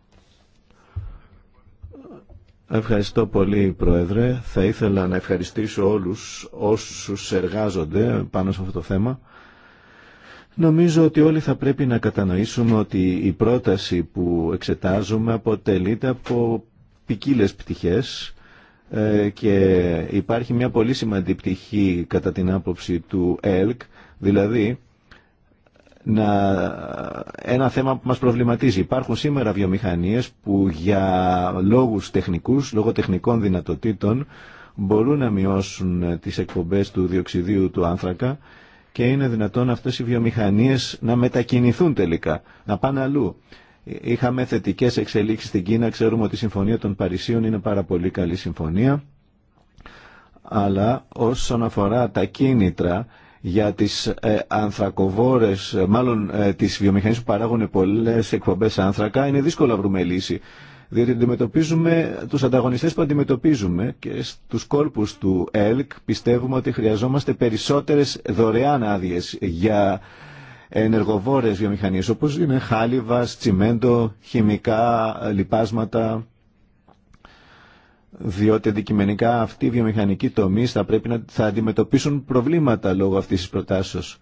S1: Ευχαριστώ πολύ Πρόεδρε. Θα ήθελα να ευχαριστήσω όλους όσους εργάζονται πάνω σε αυτό το θέμα. Νομίζω ότι όλοι θα πρέπει να κατανοήσουμε ότι η πρόταση που εξετάζουμε αποτελείται από ποικίλε πτυχές ε, και υπάρχει μια πολύ σημαντική πτυχή κατά την άποψη του ΕΛΚ, δηλαδή να... ένα θέμα που μας προβληματίζει. Υπάρχουν σήμερα βιομηχανίες που για λόγους τεχνικούς, λόγω τεχνικών δυνατοτήτων μπορούν να μειώσουν τις εκπομπές του διοξιδίου του άνθρακα και είναι δυνατόν αυτές οι βιομηχανίες να μετακινηθούν τελικά, να πάνε αλλού. Είχαμε θετικές εξελίξεις στην Κίνα, ξέρουμε ότι η Συμφωνία των Παρισίων είναι πάρα πολύ καλή συμφωνία, αλλά όσον αφορά τα κίνητρα για τις ε, ανθρακοβόρες, ε, μάλλον ε, τις βιομηχανίες που παράγουν πολλές εκπομπές άνθρακα, είναι δύσκολο να βρούμε λύση διότι αντιμετωπίζουμε τους ανταγωνιστές που αντιμετωπίζουμε και στους κόλπους του ΕΛΚ πιστεύουμε ότι χρειαζόμαστε περισσότερες δωρεάν άδειε για ενεργοβόρες βιομηχανίες όπως είναι χάλιβας, τσιμέντο, χημικά, λιπάσματα διότι αντικειμενικά αυτοί οι βιομηχανικοί τομείς θα πρέπει να θα αντιμετωπίσουν προβλήματα λόγω αυτής της προτάσεως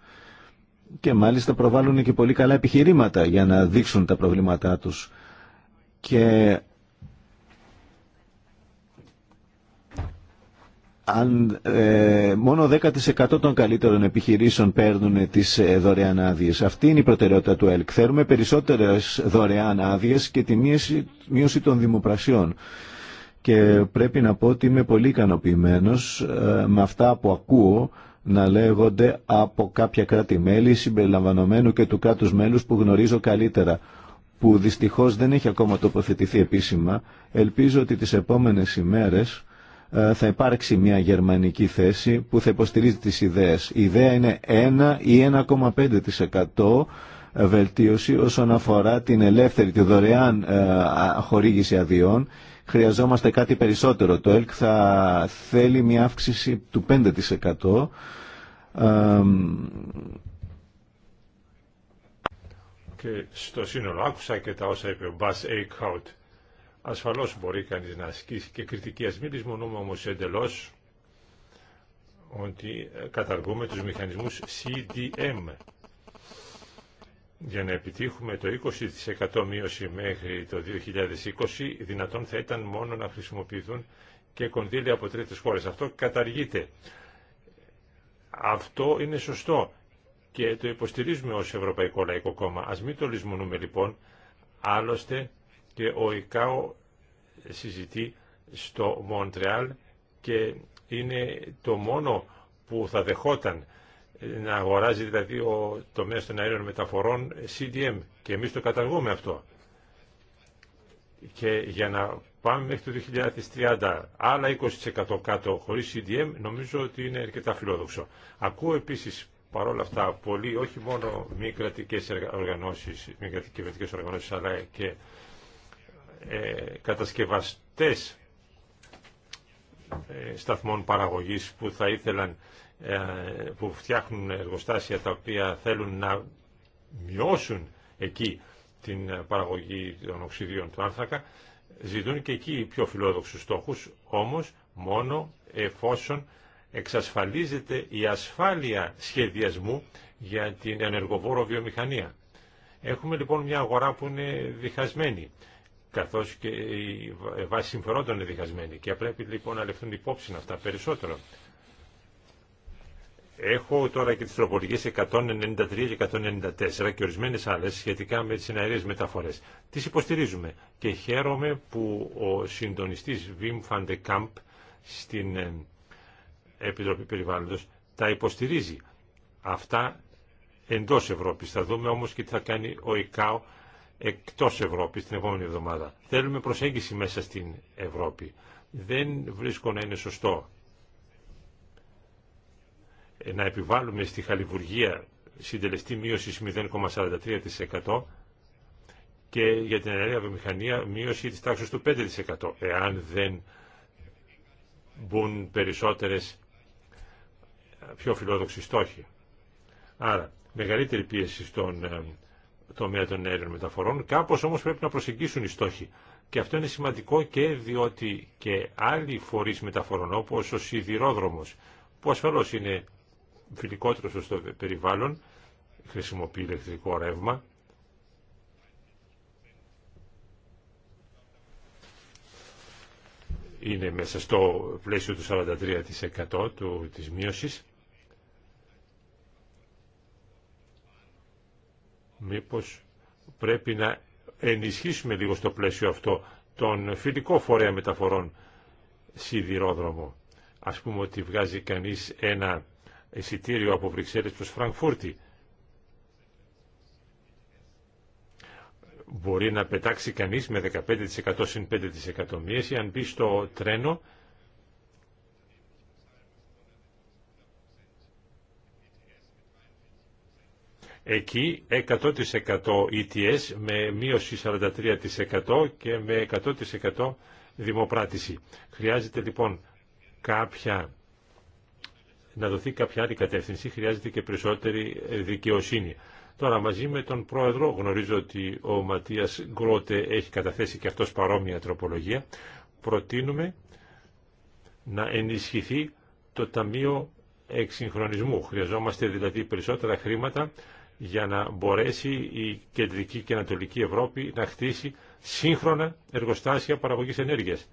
S1: και μάλιστα προβάλλουν και πολύ καλά επιχειρήματα για να δείξουν τα προβλήματά τους και αν ε, μόνο 10% των καλύτερων επιχειρήσεων παίρνουν τις ε, δωρεάν άδειε. Αυτή είναι η προτεραιότητα του ΕΛΚ. Θέλουμε περισσότερες δωρεάν άδειε και τη μείωση, των δημοπρασιών. Και πρέπει να πω ότι είμαι πολύ ικανοποιημένο ε, με αυτά που ακούω να λέγονται από κάποια κράτη-μέλη συμπεριλαμβανομένου και του κράτους μέλους που γνωρίζω καλύτερα που δυστυχώς δεν έχει ακόμα τοποθετηθεί επίσημα. Ελπίζω ότι τις επόμενες ημέρες ε, θα υπάρξει μια γερμανική θέση που θα υποστηρίζει τις ιδέες. Η ιδέα είναι 1 ή 1,5% ε, βελτίωση όσον αφορά την ελεύθερη, τη δωρεάν ε, χορήγηση αδειών. Χρειαζόμαστε κάτι περισσότερο. Το ΕΛΚ θα θέλει μια αύξηση του 5%
S2: και στο σύνολο. Άκουσα και τα όσα είπε ο Μπάς Αικχάουτ. Ασφαλώς μπορεί κανείς να ασκήσει και κριτική. Ας μην εντελώ όμως εντελώς ότι ε, καταργούμε τους μηχανισμούς CDM. Για να επιτύχουμε το 20% μείωση μέχρι το 2020, δυνατόν θα ήταν μόνο να χρησιμοποιηθούν και κονδύλια από τρίτες χώρες. Αυτό καταργείται. Αυτό είναι σωστό και το υποστηρίζουμε ως Ευρωπαϊκό Λαϊκό Κόμμα. Ας μην το λησμονούμε λοιπόν, άλλωστε και ο ΙΚΑΟ συζητεί στο Μοντρεάλ και είναι το μόνο που θα δεχόταν να αγοράζει δηλαδή ο μέσο των αέριων μεταφορών CDM και εμείς το καταργούμε αυτό. Και για να πάμε μέχρι το 2030 άλλα 20% κάτω χωρίς CDM νομίζω ότι είναι αρκετά φιλόδοξο. Ακούω επίσης Παρ' όλα αυτά, πολλοί, όχι μόνο μη κρατικέ οργανώσει, μη κρατικές οργανώσεις, αλλά και ε, κατασκευαστές ε, σταθμών παραγωγής που θα ήθελαν, ε, που φτιάχνουν εργοστάσια τα οποία θέλουν να μειώσουν εκεί την παραγωγή των οξυδίων του άνθρακα, ζητούν και εκεί πιο φιλόδοξους στόχους, όμως μόνο εφόσον εξασφαλίζεται η ασφάλεια σχεδιασμού για την ενεργοβόρο βιομηχανία. Έχουμε λοιπόν μια αγορά που είναι διχασμένη, καθώς και η βάση συμφερόντων είναι διχασμένη και πρέπει λοιπόν να λεφθούν υπόψη αυτά περισσότερο. Έχω τώρα και τις τροπολογίες 193 και 194 και ορισμένες άλλες σχετικά με τις εναερίες μεταφορές. Τις υποστηρίζουμε και χαίρομαι που ο συντονιστής Βιμ Φαντεκάμπ στην ε, Επιτροπή Περιβάλλοντος τα υποστηρίζει. Αυτά εντός Ευρώπης. Θα δούμε όμως και τι θα κάνει ο ΕΚΑΟ εκτός Ευρώπης την επόμενη εβδομάδα. Θέλουμε προσέγγιση μέσα στην Ευρώπη. Δεν βρίσκω να είναι σωστό να επιβάλλουμε στη χαλιβουργία συντελεστή μείωση 0,43% και για την ενέργεια βιομηχανία μείωση της τάξης του 5%. Εάν δεν μπουν περισσότερες πιο φιλόδοξη στόχη. Άρα, μεγαλύτερη πίεση στον ε, τομέα των αέριων μεταφορών, κάπως όμως πρέπει να προσεγγίσουν οι στόχοι. Και αυτό είναι σημαντικό και διότι και άλλοι φορείς μεταφορών, όπως ο σιδηρόδρομος, που ασφαλώς είναι φιλικότερος στο περιβάλλον, χρησιμοποιεί ηλεκτρικό ρεύμα, είναι μέσα στο πλαίσιο του 43% του, της μείωσης. Μήπως πρέπει να ενισχύσουμε λίγο στο πλαίσιο αυτό τον φιλικό φορέα μεταφορών σιδηρόδρομο. Ας πούμε ότι βγάζει κανείς ένα εισιτήριο από Βρυξέλλες προς Φραγκφούρτη. Μπορεί να πετάξει κανείς με 15% συν 5% ή αν μπει στο τρένο Εκεί 100% ETS με μείωση 43% και με 100% δημοπράτηση. Χρειάζεται λοιπόν κάποια, να δοθεί κάποια άλλη κατεύθυνση, χρειάζεται και περισσότερη δικαιοσύνη. Τώρα μαζί με τον πρόεδρο, γνωρίζω ότι ο Ματίας Γκρότε έχει καταθέσει και αυτός παρόμοια τροπολογία, προτείνουμε να ενισχυθεί το Ταμείο Εξυγχρονισμού. Χρειαζόμαστε δηλαδή περισσότερα χρήματα για να μπορέσει η κεντρική και ανατολική Ευρώπη να χτίσει σύγχρονα εργοστάσια παραγωγής ενέργειας.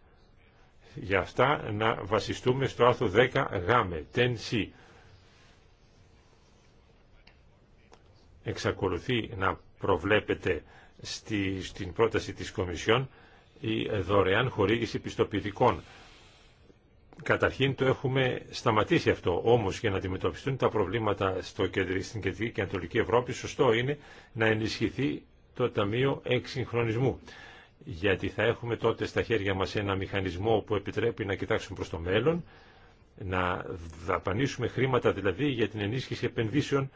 S2: Για αυτά να βασιστούμε στο άρθρο 10 γάμε, 10C. Εξακολουθεί να προβλέπεται στη, στην πρόταση της Κομισιόν η δωρεάν χορήγηση πιστοποιητικών Καταρχήν το έχουμε σταματήσει αυτό, όμως για να αντιμετωπιστούν τα προβλήματα στο κεντρική, στην κεντρική και ανατολική Ευρώπη, σωστό είναι να ενισχυθεί το Ταμείο Εξυγχρονισμού. Γιατί θα έχουμε τότε στα χέρια μας ένα μηχανισμό που επιτρέπει να κοιτάξουμε προς το μέλλον, να δαπανίσουμε χρήματα δηλαδή για την ενίσχυση επενδύσεων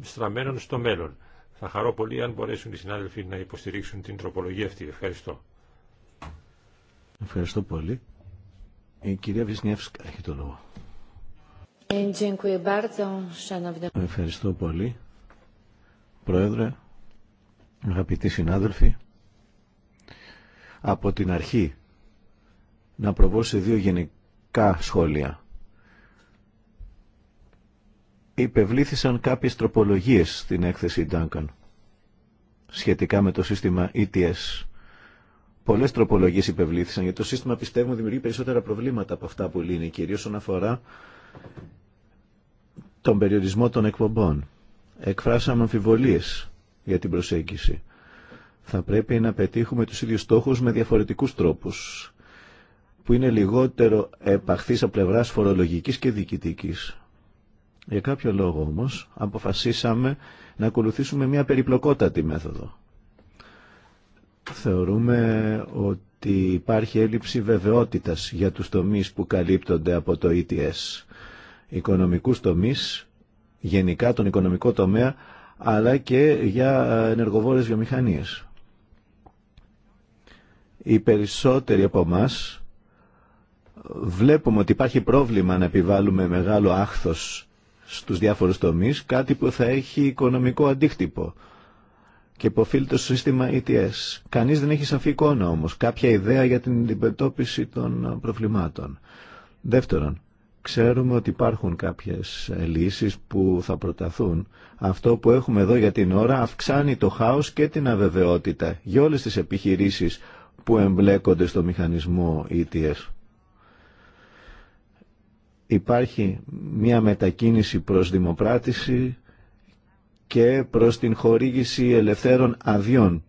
S2: στραμμένων στο μέλλον. Θα χαρώ πολύ αν μπορέσουν οι συνάδελφοι να υποστηρίξουν την τροπολογία αυτή. Ευχαριστώ.
S1: Ευχαριστώ πολύ. Η κυρία Βυσνιεύσκα έχει το λόγο. Ε, Ευχαριστώ πολύ. Πρόεδρε, αγαπητοί συνάδελφοι, από την αρχή να προβώ σε δύο γενικά σχόλια. Υπευλήθησαν κάποιες τροπολογίες στην έκθεση Duncan σχετικά με το σύστημα ETS Πολλέ τροπολογίε υπευλήθησαν γιατί το σύστημα πιστεύουμε δημιουργεί περισσότερα προβλήματα από αυτά που λύνει, κυρίω όσον αφορά τον περιορισμό των εκπομπών. Εκφράσαμε αμφιβολίε για την προσέγγιση. Θα πρέπει να πετύχουμε του ίδιου στόχου με διαφορετικού τρόπου που είναι λιγότερο επαχθής από πλευράς φορολογικής και διοικητικής. Για κάποιο λόγο όμως αποφασίσαμε να ακολουθήσουμε μια περιπλοκότατη μέθοδο. Θεωρούμε ότι υπάρχει έλλειψη βεβαιότητας για τους τομείς που καλύπτονται από το ETS. Οικονομικούς τομείς, γενικά τον οικονομικό τομέα, αλλά και για ενεργοβόρες βιομηχανίες. Οι περισσότεροι από εμά βλέπουμε ότι υπάρχει πρόβλημα να επιβάλλουμε μεγάλο άχθος στους διάφορους τομείς, κάτι που θα έχει οικονομικό αντίκτυπο και υποφείλει στο σύστημα ETS. Κανείς δεν έχει σαφή εικόνα όμως, κάποια ιδέα για την αντιμετώπιση των προβλημάτων. Δεύτερον, ξέρουμε ότι υπάρχουν κάποιες λύσεις που θα προταθούν. Αυτό που έχουμε εδώ για την ώρα αυξάνει το χάος και την αβεβαιότητα για όλες τις επιχειρήσεις που εμπλέκονται στο μηχανισμό ETS. Υπάρχει μια μετακίνηση προς δημοπράτηση και προς την χορήγηση ελευθέρων αδειών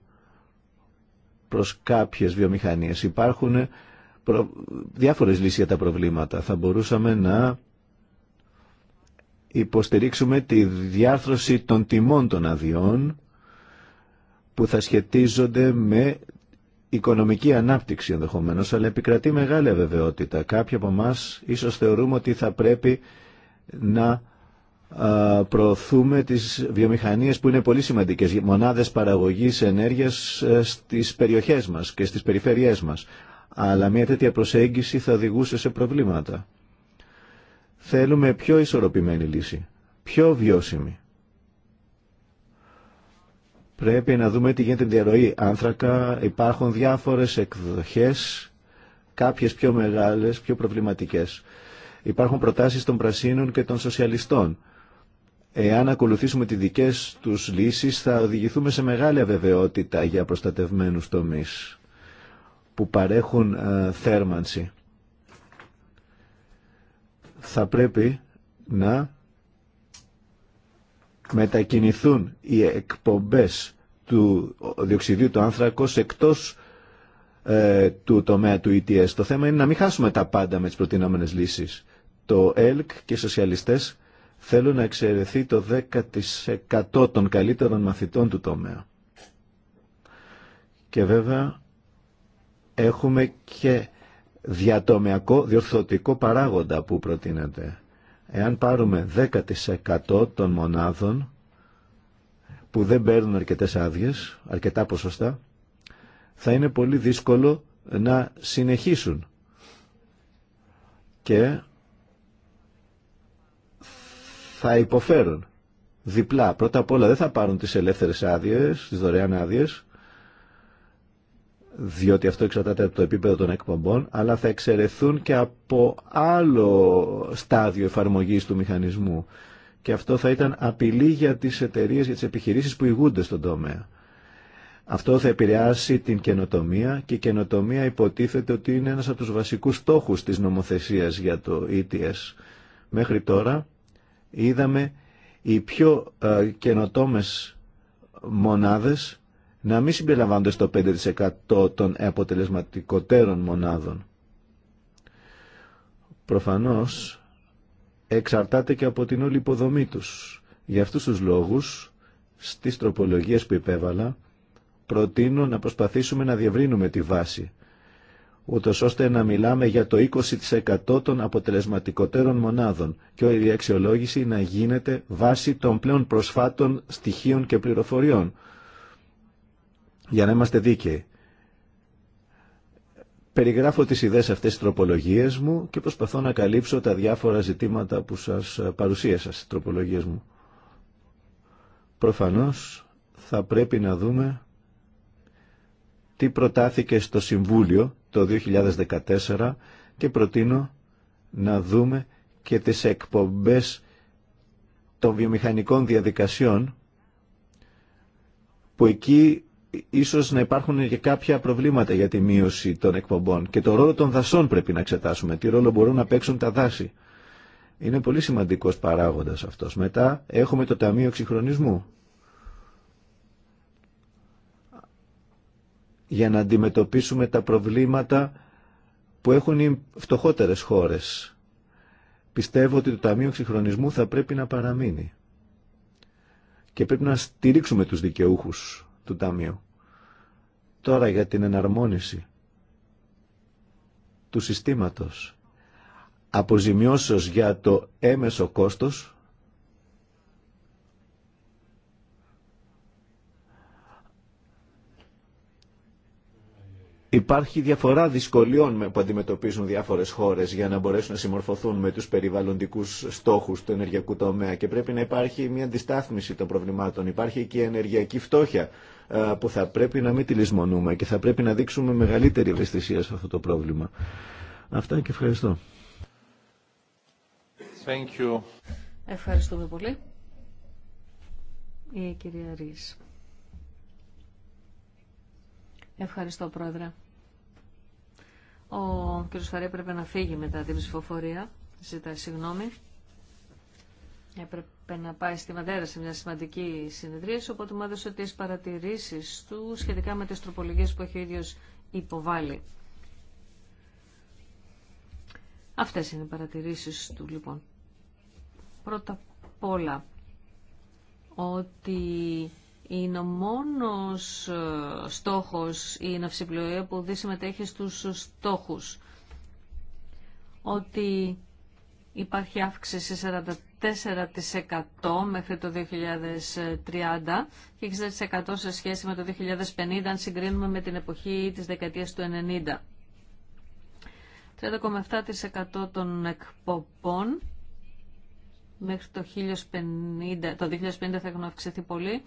S1: προς κάποιες βιομηχανίες. Υπάρχουν διάφορες λύσεις για τα προβλήματα. Θα μπορούσαμε να υποστηρίξουμε τη διάρθρωση των τιμών των αδειών που θα σχετίζονται με οικονομική ανάπτυξη ενδεχομένω, αλλά επικρατεί μεγάλη αβεβαιότητα. Κάποιοι από εμά ίσως θεωρούμε ότι θα πρέπει να προωθούμε τις βιομηχανίες που είναι πολύ σημαντικές, μονάδες παραγωγής ενέργειας ε, στις περιοχές μας και στις περιφέρειές μας. Αλλά μια τέτοια προσέγγιση θα οδηγούσε σε προβλήματα. Θέλουμε πιο ισορροπημένη λύση, πιο βιώσιμη. Πρέπει να δούμε τι γίνεται με διαρροή άνθρακα. Υπάρχουν διάφορες εκδοχές, κάποιες πιο μεγάλες, πιο προβληματικές. Υπάρχουν προτάσεις των πρασίνων και των σοσιαλιστών Εάν ακολουθήσουμε τις δικές τους λύσεις θα οδηγηθούμε σε μεγάλη αβεβαιότητα για προστατευμένους τομείς που παρέχουν ε, θέρμανση. Θα πρέπει να μετακινηθούν οι εκπομπές του διοξιδίου του άνθρακος εκτός ε, του τομέα του ETS. Το θέμα είναι να μην χάσουμε τα πάντα με τις προτείνομενες λύσεις. Το ΕΛΚ και οι σοσιαλιστές Θέλω να εξαιρεθεί το 10% των καλύτερων μαθητών του τομέα. Και βέβαια έχουμε και διατομιακό διορθωτικό παράγοντα που προτείνεται. Εάν πάρουμε 10% των μονάδων που δεν παίρνουν αρκετές άδειε, αρκετά ποσοστά, θα είναι πολύ δύσκολο να συνεχίσουν. Και θα υποφέρουν διπλά. Πρώτα απ' όλα δεν θα πάρουν τις ελεύθερες άδειες, τις δωρεάν άδειες, διότι αυτό εξαρτάται από το επίπεδο των εκπομπών, αλλά θα εξαιρεθούν και από άλλο στάδιο εφαρμογής του μηχανισμού. Και αυτό θα ήταν απειλή για τις εταιρείε για τις επιχειρήσεις που ηγούνται στον τομέα. Αυτό θα επηρεάσει την καινοτομία και η καινοτομία υποτίθεται ότι είναι ένας από τους βασικούς στόχους της νομοθεσίας για το ETS. Μέχρι τώρα είδαμε οι πιο ε, καινοτόμες μονάδες να μην συμπεριλαμβάνονται στο 5% των αποτελεσματικότερων μονάδων. Προφανώς εξαρτάται και από την όλη υποδομή τους. Για αυτούς τους λόγους, στις τροπολογίες που υπέβαλα, προτείνω να προσπαθήσουμε να διευρύνουμε τη βάση ούτως ώστε να μιλάμε για το 20% των αποτελεσματικότερων μονάδων και η αξιολόγηση να γίνεται βάσει των πλέον προσφάτων στοιχείων και πληροφοριών. Για να είμαστε δίκαιοι. Περιγράφω τις ιδέες αυτές τροπολογίσμου τροπολογίες μου και προσπαθώ να καλύψω τα διάφορα ζητήματα που σας παρουσίασα στις τροπολογίες μου. Προφανώς θα πρέπει να δούμε τι προτάθηκε στο Συμβούλιο το 2014 και προτείνω να δούμε και τις εκπομπές των βιομηχανικών διαδικασιών που εκεί ίσως να υπάρχουν και κάποια προβλήματα για τη μείωση των εκπομπών και το ρόλο των δασών πρέπει να εξετάσουμε, τι ρόλο μπορούν να παίξουν τα δάση. Είναι πολύ σημαντικός παράγοντας αυτός. Μετά έχουμε το Ταμείο Ξυγχρονισμού. για να αντιμετωπίσουμε τα προβλήματα που έχουν οι φτωχότερες χώρες. Πιστεύω ότι το Ταμείο Ξυγχρονισμού θα πρέπει να παραμείνει και πρέπει να στηρίξουμε τους δικαιούχους του Ταμείου. Τώρα για την εναρμόνιση του συστήματος αποζημιώσεως για το έμεσο κόστος Υπάρχει διαφορά δυσκολιών που αντιμετωπίζουν διάφορες χώρες για να μπορέσουν να συμμορφωθούν με τους περιβαλλοντικούς στόχους του ενεργειακού τομέα και πρέπει να υπάρχει μια αντιστάθμιση των προβλημάτων. Υπάρχει και η ενεργειακή φτώχεια ε, που θα πρέπει να μην τη λησμονούμε και θα πρέπει να δείξουμε μεγαλύτερη ευαισθησία σε αυτό το πρόβλημα. Αυτά και ευχαριστώ.
S2: Thank you.
S3: Ευχαριστούμε πολύ. Η κυρία Ευχαριστώ, Πρόεδρε. Ο κ. Φαρέ πρέπει να φύγει μετά την ψηφοφορία. Ζητάει συγγνώμη. Έπρεπε να πάει στη Μαδέρα σε μια σημαντική συνεδρία. οπότε μου έδωσε τι παρατηρήσεις του σχετικά με τις τροπολογίες που έχει ο ίδιο υποβάλει. Αυτές είναι οι παρατηρήσεις του λοιπόν. Πρώτα απ' όλα, ότι είναι ο μόνος ε, στόχος η ναυσιπλοεία που δεν συμμετέχει στους στόχους. Ότι υπάρχει αύξηση 44% μέχρι το 2030 και 60% σε σχέση με το 2050 αν συγκρίνουμε με την εποχή της δεκαετίας του 90. 30,7% των εκπομπών μέχρι το 2050, το 2050 θα έχουν αυξηθεί πολύ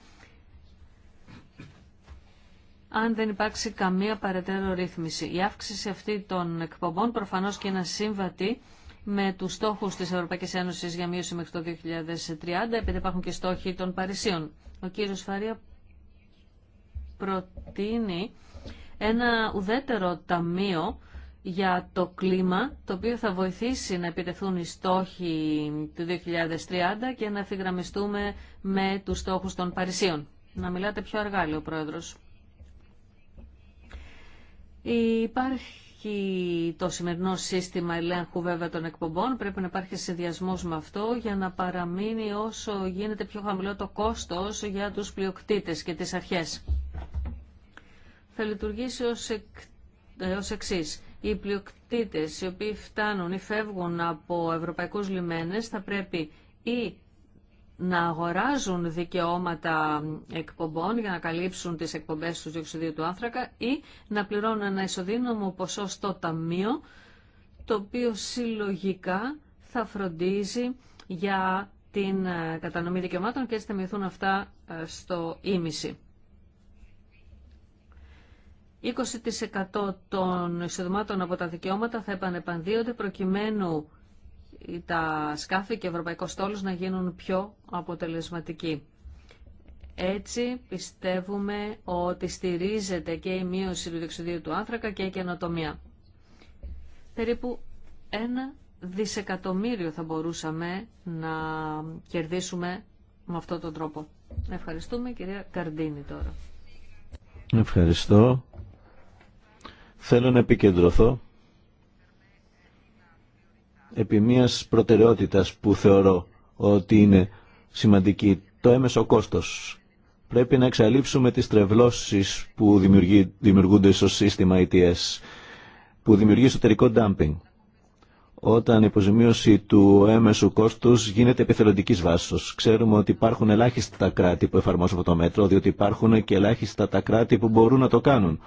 S3: αν δεν υπάρξει καμία παρετέρω ρύθμιση. Η αύξηση αυτή των εκπομπών προφανώς και είναι σύμβατη με τους στόχους της Ευρωπαϊκής Ένωσης για μείωση μέχρι το 2030, επειδή υπάρχουν και στόχοι των Παρισίων. Ο κύριος Φαρία προτείνει ένα ουδέτερο ταμείο για το κλίμα, το οποίο θα βοηθήσει να επιτεθούν οι στόχοι του 2030 και να ευθυγραμμιστούμε με τους στόχους των Παρισίων. Να μιλάτε πιο αργά, λέει ο Πρόεδρος. Υπάρχει το σημερινό σύστημα ελέγχου βέβαια των εκπομπών. Πρέπει να υπάρχει συνδυασμό με αυτό για να παραμείνει όσο γίνεται πιο χαμηλό το κόστος για τους πλειοκτήτες και τις αρχές. Θα λειτουργήσει ω εκ, ε, ως εξής. Οι πλειοκτήτες οι οποίοι φτάνουν ή φεύγουν από ευρωπαϊκούς λιμένες θα πρέπει ή να αγοράζουν δικαιώματα εκπομπών για να καλύψουν τις εκπομπές του διοξιδίου του άνθρακα ή να πληρώνουν ένα ισοδύναμο ποσό στο ταμείο το οποίο συλλογικά θα φροντίζει για την ε, κατανομή δικαιωμάτων και έτσι θα μειωθούν αυτά ε, στο ίμιση. 20% των εισοδημάτων από τα δικαιώματα θα επανεπανδύονται προκειμένου τα σκάφη και ευρωπαϊκό στόλος να γίνουν πιο αποτελεσματικοί. Έτσι πιστεύουμε ότι στηρίζεται και η μείωση του διεξουδίου του άνθρακα και η καινοτομία. Περίπου ένα δισεκατομμύριο θα μπορούσαμε να κερδίσουμε με αυτόν τον τρόπο. Ευχαριστούμε κυρία Καρντίνη τώρα.
S1: Ευχαριστώ. Θέλω να επικεντρωθώ επί μιας προτεραιότητας που θεωρώ ότι είναι σημαντική, το έμεσο κόστος. Πρέπει να εξαλείψουμε τις τρευλώσεις που δημιουργούνται στο σύστημα ETS, που δημιουργεί εσωτερικό dumping. Όταν η υποζημίωση του έμεσου κόστους γίνεται επιθελοντικής βάσης. Ξέρουμε ότι υπάρχουν ελάχιστα κράτη που εφαρμόζουν αυτό το μέτρο, διότι υπάρχουν και ελάχιστα τα κράτη που μπορούν να το κάνουν.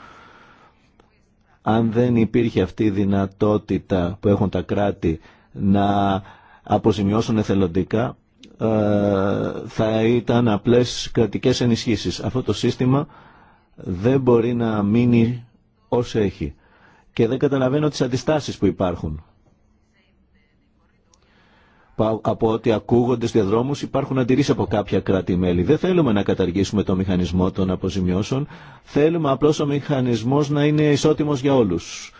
S1: Αν δεν υπήρχε αυτή η δυνατότητα που έχουν τα κράτη να αποζημιώσουν εθελοντικά, ε, θα ήταν απλές κρατικές ενισχύσεις. Αυτό το σύστημα δεν μπορεί να μείνει όσο έχει. Και δεν καταλαβαίνω τις αντιστάσεις που υπάρχουν από ό,τι ακούγονται στους διαδρόμους υπάρχουν αντιρρήσεις από κάποια κράτη-μέλη. Δεν θέλουμε να καταργήσουμε το μηχανισμό των αποζημιώσεων. Θέλουμε απλώς ο μηχανισμός να είναι ισότιμος για όλους.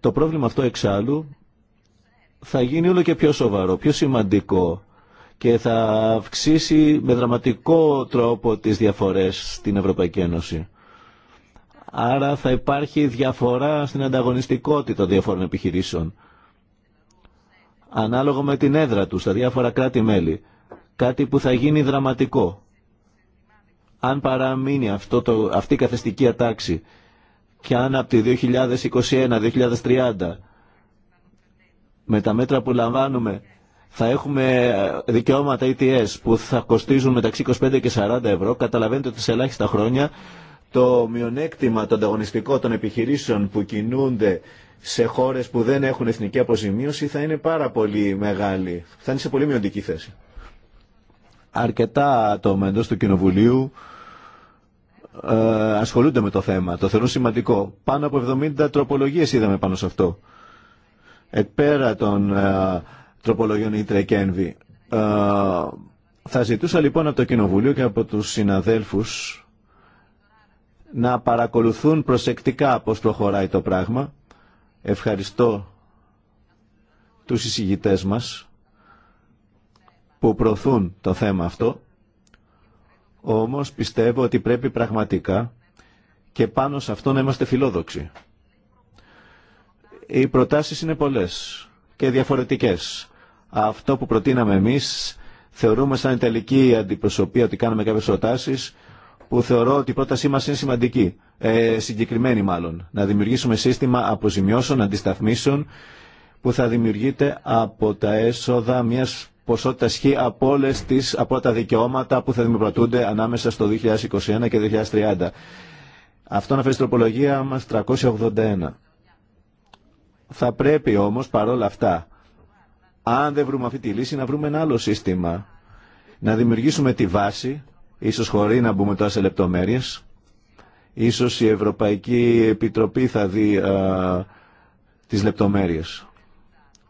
S1: Το πρόβλημα αυτό εξάλλου θα γίνει όλο και πιο σοβαρό, πιο σημαντικό και θα αυξήσει με δραματικό τρόπο τις διαφορές στην Ευρωπαϊκή Ένωση. Άρα θα υπάρχει διαφορά στην ανταγωνιστικότητα διαφόρων επιχειρήσεων ανάλογο με την έδρα του στα διάφορα κράτη-μέλη. Κάτι που θα γίνει δραματικό. Αν παραμείνει αυτό το, αυτή η καθεστική ατάξη και αν από τη 2021-2030 με τα μέτρα που λαμβάνουμε θα έχουμε ε, δικαιώματα ETS που θα κοστίζουν μεταξύ 25 και 40 ευρώ, καταλαβαίνετε ότι σε ελάχιστα χρόνια το μειονέκτημα, το ανταγωνιστικό των επιχειρήσεων που κινούνται σε χώρε που δεν έχουν εθνική αποζημίωση θα είναι πάρα πολύ μεγάλη. Θα είναι σε πολύ μειοντική θέση. Αρκετά άτομα εντό του Κοινοβουλίου ε, ασχολούνται με το θέμα, το θεωρούν σημαντικό. Πάνω από 70 τροπολογίες είδαμε πάνω σε αυτό. Επέρα των ε, τροπολογιών Ήτρε και Ένβη. Ε, θα ζητούσα λοιπόν από το Κοινοβουλίο και από τους συναδέλφους να παρακολουθούν προσεκτικά πώς προχωράει το πράγμα Ευχαριστώ τους εισηγητές μας που προωθούν το θέμα αυτό. Όμως πιστεύω ότι πρέπει πραγματικά και πάνω σε αυτό να είμαστε φιλόδοξοι. Οι προτάσεις είναι πολλές και διαφορετικές. Αυτό που προτείναμε εμείς θεωρούμε σαν τελική αντιπροσωπεία ότι κάναμε κάποιες προτάσεις που θεωρώ ότι η πρότασή μα είναι σημαντική, ε, συγκεκριμένη μάλλον. Να δημιουργήσουμε σύστημα αποζημιώσεων, αντισταθμίσεων που θα δημιουργείται από τα έσοδα μιας ποσότητας χ από, όλε τις, από τα δικαιώματα που θα δημιουργηθούνται ανάμεσα στο 2021 και 2030. Αυτό αναφέρει στην τροπολογία μα 381. Θα πρέπει όμως παρόλα αυτά, αν δεν βρούμε αυτή τη λύση, να βρούμε ένα άλλο σύστημα. Να δημιουργήσουμε τη βάση Ίσως χωρί να μπούμε τώρα σε λεπτομέρειες. Ίσως η Ευρωπαϊκή Επιτροπή θα δει α, τις λεπτομέρειες.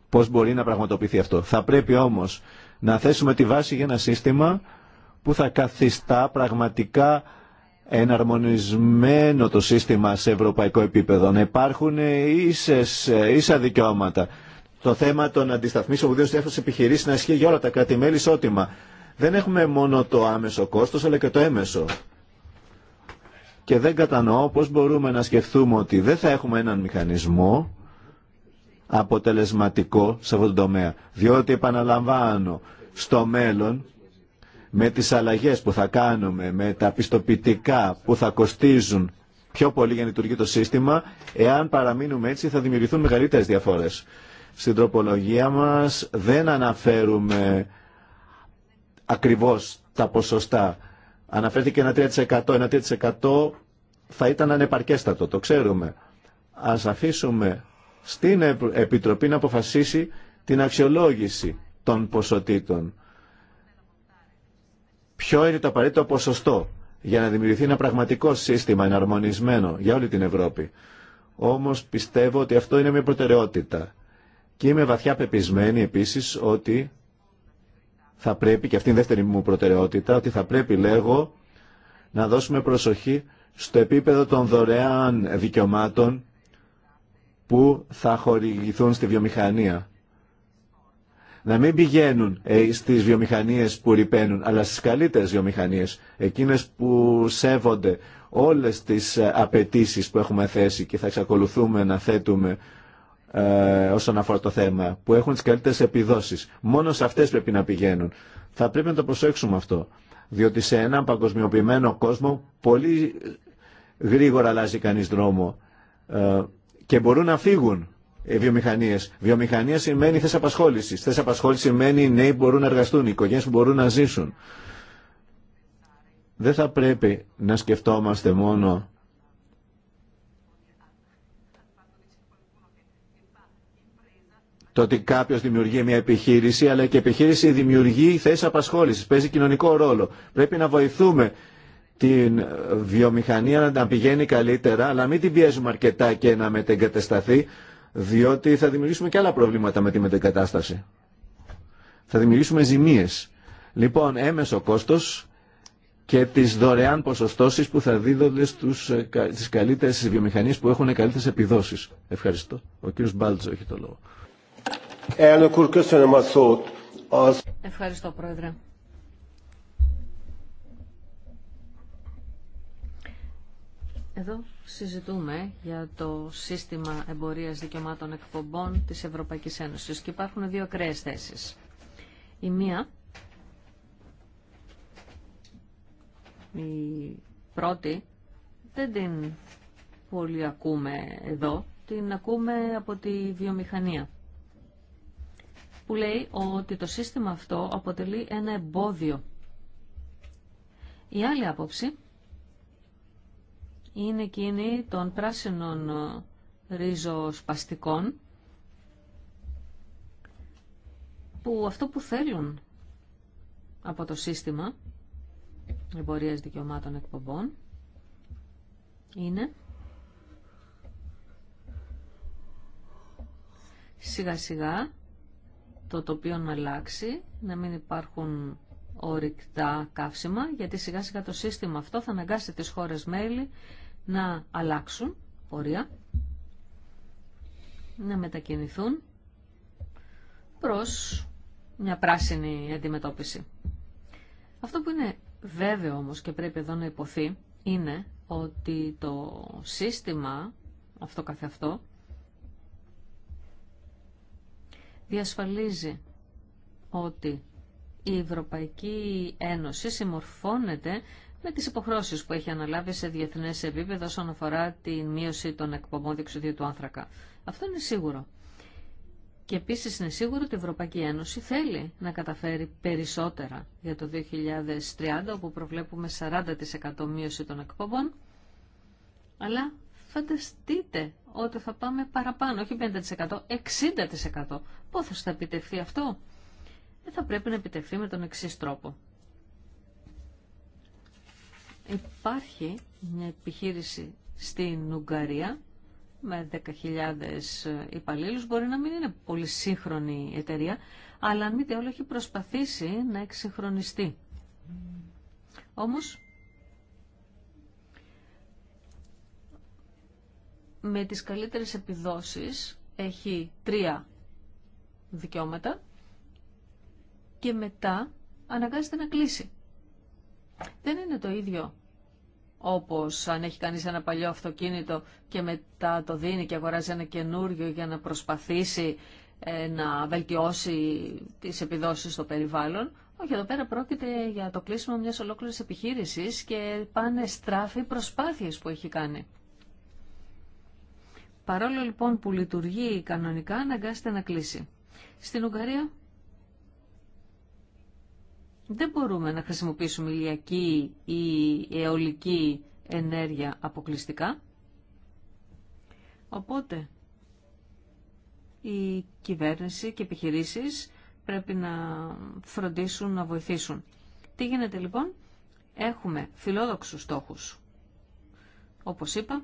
S1: Πώς μπορεί να πραγματοποιηθεί αυτό. Θα πρέπει όμως να θέσουμε τη βάση για ένα σύστημα που θα καθιστά πραγματικά εναρμονισμένο το σύστημα σε ευρωπαϊκό επίπεδο. Να υπάρχουν ίσες, ίσα δικαιώματα. Το θέμα των αντισταθμίσεων που δίνουν στις επιχειρήσεις να ισχύει για όλα τα κράτη-μέλη ισότιμα. Δεν έχουμε μόνο το άμεσο κόστος, αλλά και το έμεσο. Και δεν κατανοώ πώς μπορούμε να σκεφτούμε ότι δεν θα έχουμε έναν μηχανισμό αποτελεσματικό σε αυτόν τον τομέα. Διότι, επαναλαμβάνω, στο μέλλον με τις αλλαγές που θα κάνουμε, με τα πιστοποιητικά που θα κοστίζουν πιο πολύ για να λειτουργεί το σύστημα, εάν παραμείνουμε έτσι θα δημιουργηθούν μεγαλύτερες διαφορές. Στην τροπολογία μας δεν αναφέρουμε ακριβώς τα ποσοστά. Αναφέρθηκε ένα 3%. Ένα 3% θα ήταν ανεπαρκέστατο, το ξέρουμε. Ας αφήσουμε στην Επιτροπή να αποφασίσει την αξιολόγηση των ποσοτήτων. Ποιο είναι το απαραίτητο ποσοστό για να δημιουργηθεί ένα πραγματικό σύστημα εναρμονισμένο για όλη την Ευρώπη. Όμως πιστεύω ότι αυτό είναι μια προτεραιότητα. Και είμαι βαθιά πεπισμένη επίσης ότι θα πρέπει, και αυτή είναι η δεύτερη μου προτεραιότητα, ότι θα πρέπει, λέγω, να δώσουμε προσοχή στο επίπεδο των δωρεάν δικαιωμάτων που θα χορηγηθούν στη βιομηχανία. Να μην πηγαίνουν ε, στις βιομηχανίες που ρηπαίνουν, αλλά στις καλύτερες βιομηχανίες, εκείνες που σέβονται όλες τις ε, απαιτήσεις που έχουμε θέσει και θα εξακολουθούμε να θέτουμε ε, όσον αφορά το θέμα, που έχουν τι καλύτερε επιδόσει. Μόνο σε αυτέ πρέπει να πηγαίνουν. Θα πρέπει να το προσέξουμε αυτό. Διότι σε έναν παγκοσμιοποιημένο κόσμο πολύ γρήγορα αλλάζει κανεί δρόμο ε, και μπορούν να φύγουν οι βιομηχανίε. Βιομηχανία σημαίνει θέση απασχόληση. Θέση απασχόληση σημαίνει οι νέοι μπορούν να εργαστούν, οι οικογένειες που μπορούν να ζήσουν. Δεν θα πρέπει να σκεφτόμαστε μόνο Το ότι κάποιο δημιουργεί μια επιχείρηση, αλλά και η επιχείρηση δημιουργεί θέσει απασχόληση, παίζει κοινωνικό ρόλο. Πρέπει να βοηθούμε την βιομηχανία να πηγαίνει καλύτερα, αλλά μην την πιέζουμε αρκετά και να μετεγκατασταθεί, διότι θα δημιουργήσουμε και άλλα προβλήματα με τη μετεγκατάσταση. Θα δημιουργήσουμε ζημίε. Λοιπόν, έμεσο κόστο και τι δωρεάν ποσοστώσεις που θα δίδονται στι ε, καλύτερε βιομηχανίε που έχουν καλύτερε επιδόσει. Ευχαριστώ. Ο κύριο Μπάλτζο έχει το λόγο.
S3: Ευχαριστώ, Πρόεδρε. Εδώ συζητούμε για το σύστημα εμπορίας δικαιωμάτων εκπομπών της Ευρωπαϊκής Ένωσης και υπάρχουν δύο ακραίε θέσεις. Η μία, η πρώτη, δεν την πολύ ακούμε εδώ, την ακούμε από τη βιομηχανία που λέει ότι το σύστημα αυτό αποτελεί ένα εμπόδιο. Η άλλη άποψη είναι εκείνη των πράσινων ριζοσπαστικών που αυτό που θέλουν από το σύστημα εμπορίας δικαιωμάτων εκπομπών είναι σιγά σιγά το τοπίο να αλλάξει, να μην υπάρχουν ορυκτά καύσιμα, γιατί σιγά σιγά το σύστημα αυτό θα αναγκάσει τις χώρες μέλη να αλλάξουν πορεία, να μετακινηθούν προς μια πράσινη αντιμετώπιση. Αυτό που είναι βέβαιο όμως και πρέπει εδώ να υποθεί είναι ότι το σύστημα αυτό καθε αυτό διασφαλίζει ότι η Ευρωπαϊκή Ένωση συμμορφώνεται με τις υποχρώσεις που έχει αναλάβει σε διεθνές επίπεδο όσον αφορά τη μείωση των εκπομπών διεξουδίου του άνθρακα. Αυτό είναι σίγουρο. Και επίσης είναι σίγουρο ότι η Ευρωπαϊκή Ένωση θέλει να καταφέρει περισσότερα για το 2030, όπου προβλέπουμε 40% μείωση των εκπομπών, αλλά Φανταστείτε ότι θα πάμε παραπάνω, όχι 50%, 60%. Πώς θα επιτευχθεί αυτό. Δεν θα πρέπει να επιτευχθεί με τον εξή τρόπο. Υπάρχει μια επιχείρηση στην Ουγγαρία με 10.000 υπαλλήλους. Μπορεί να μην είναι πολύ σύγχρονη η εταιρεία, αλλά αν μη όλο έχει προσπαθήσει να εξυγχρονιστεί. Όμως με τις καλύτερες επιδόσεις έχει τρία δικαιώματα και μετά αναγκάζεται να κλείσει. Δεν είναι το ίδιο όπως αν έχει κανείς ένα παλιό αυτοκίνητο και μετά το δίνει και αγοράζει ένα καινούριο για να προσπαθήσει ε, να βελτιώσει τις επιδόσεις στο περιβάλλον. Όχι, εδώ πέρα πρόκειται για το κλείσιμο μιας ολόκληρης επιχείρησης και πάνε στράφη προσπάθειες που έχει κάνει. Παρόλο λοιπόν που λειτουργεί κανονικά, αναγκάζεται να κλείσει. Στην Ουγγαρία δεν μπορούμε να χρησιμοποιήσουμε ηλιακή ή αιωλική ενέργεια αποκλειστικά. Οπότε η κυβέρνηση και επιχειρήσεις πρέπει να φροντίσουν να βοηθήσουν. Τι γίνεται λοιπόν, έχουμε φιλόδοξους στόχους. Όπως είπα,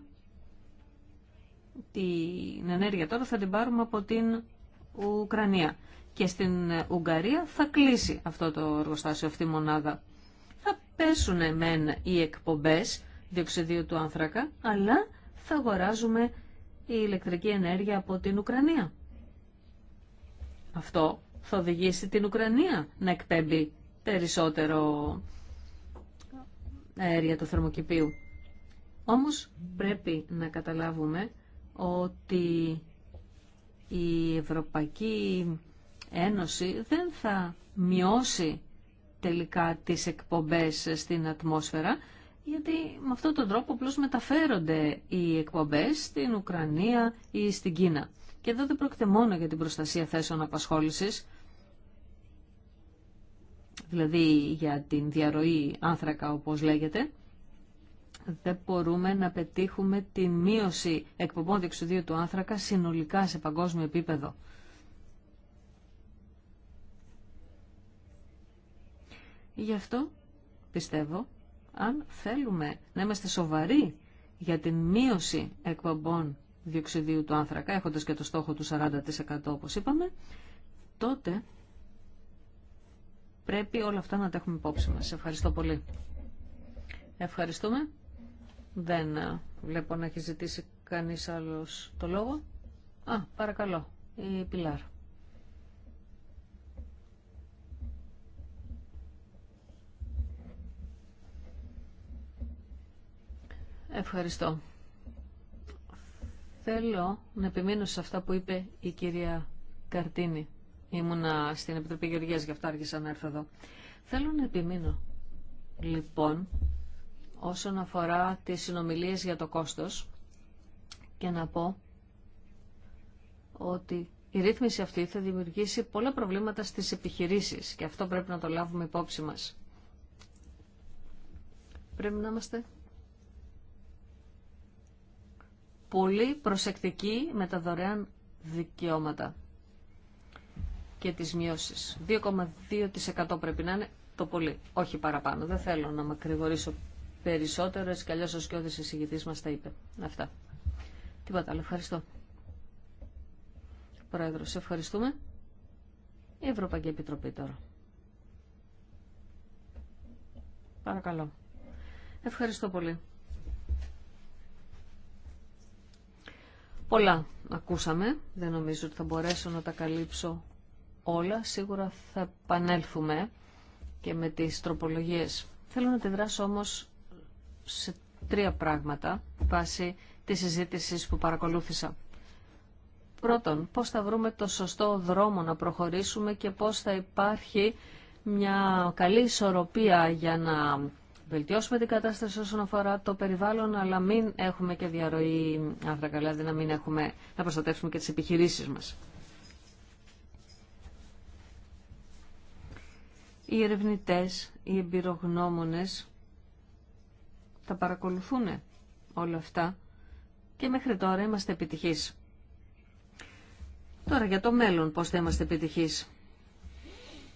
S3: την ενέργεια τώρα θα την πάρουμε από την Ουκρανία. Και στην Ουγγαρία θα κλείσει αυτό το εργοστάσιο, αυτή η μονάδα. Θα πέσουν μεν οι εκπομπές διοξιδίου του άνθρακα, αλλά θα αγοράζουμε η ηλεκτρική ενέργεια από την Ουκρανία. Αυτό θα οδηγήσει την Ουκρανία να εκπέμπει περισσότερο αέρια του θερμοκηπίου. Όμως πρέπει να καταλάβουμε ότι η Ευρωπαϊκή Ένωση δεν θα μειώσει τελικά τις εκπομπές στην ατμόσφαιρα, γιατί με αυτόν τον τρόπο απλώ μεταφέρονται οι εκπομπές στην Ουκρανία ή στην Κίνα. Και εδώ δεν πρόκειται μόνο για την προστασία θέσεων απασχόλησης, δηλαδή για την διαρροή άνθρακα όπως λέγεται, δεν μπορούμε να πετύχουμε την μείωση εκπομπών διεξουδίου του άνθρακα συνολικά σε παγκόσμιο επίπεδο. Γι' αυτό πιστεύω, αν θέλουμε να είμαστε σοβαροί για την μείωση εκπομπών διοξιδίου του άνθρακα, έχοντας και το στόχο του 40% όπως είπαμε, τότε πρέπει όλα αυτά να τα έχουμε υπόψη μας. Ευχαριστώ πολύ. Ευχαριστούμε. Δεν ε, βλέπω να έχει ζητήσει κανείς άλλος το λόγο. Α, παρακαλώ, η Πιλάρ. Ευχαριστώ. Θέλω να επιμείνω σε αυτά που είπε η κυρία Καρτίνη. Ήμουνα στην Επιτροπή Γεωργίας, γι' αυτό άρχισα να έρθω εδώ. Θέλω να επιμείνω, λοιπόν, όσον αφορά τις συνομιλίες για το κόστος και να πω ότι η ρύθμιση αυτή θα δημιουργήσει πολλά προβλήματα στις επιχειρήσεις και αυτό πρέπει να το λάβουμε υπόψη μας. Πρέπει να είμαστε πολύ προσεκτικοί με τα δωρεάν δικαιώματα και τις μειώσεις. 2,2% πρέπει να είναι το πολύ, όχι παραπάνω. Δεν θέλω να μακρηγορήσω περισσότερες και αλλιώς ο σκιώδης εισηγητής μας τα είπε. Αυτά. Τίποτα άλλο. Ευχαριστώ. Πρόεδρος, ευχαριστούμε. Η Ευρωπαϊκή Επιτροπή τώρα. Παρακαλώ. Ευχαριστώ πολύ. Πολλά ακούσαμε. Δεν νομίζω ότι θα μπορέσω να τα καλύψω όλα. Σίγουρα θα επανέλθουμε και με τις τροπολογίες. Θέλω να τη δράσω όμως σε τρία πράγματα βάσει της συζήτηση που παρακολούθησα. Πρώτον, πώς θα βρούμε το σωστό δρόμο να προχωρήσουμε και πώς θα υπάρχει μια καλή ισορροπία για να βελτιώσουμε την κατάσταση όσον αφορά το περιβάλλον, αλλά μην έχουμε και διαρροή άνθρακα, δηλαδή να, μην έχουμε, να προστατεύσουμε και τις επιχειρήσεις μας. Οι ερευνητές, οι εμπειρογνώμονες τα παρακολουθούν όλα αυτά και μέχρι τώρα είμαστε επιτυχείς. Τώρα για το μέλλον πώς θα είμαστε επιτυχείς.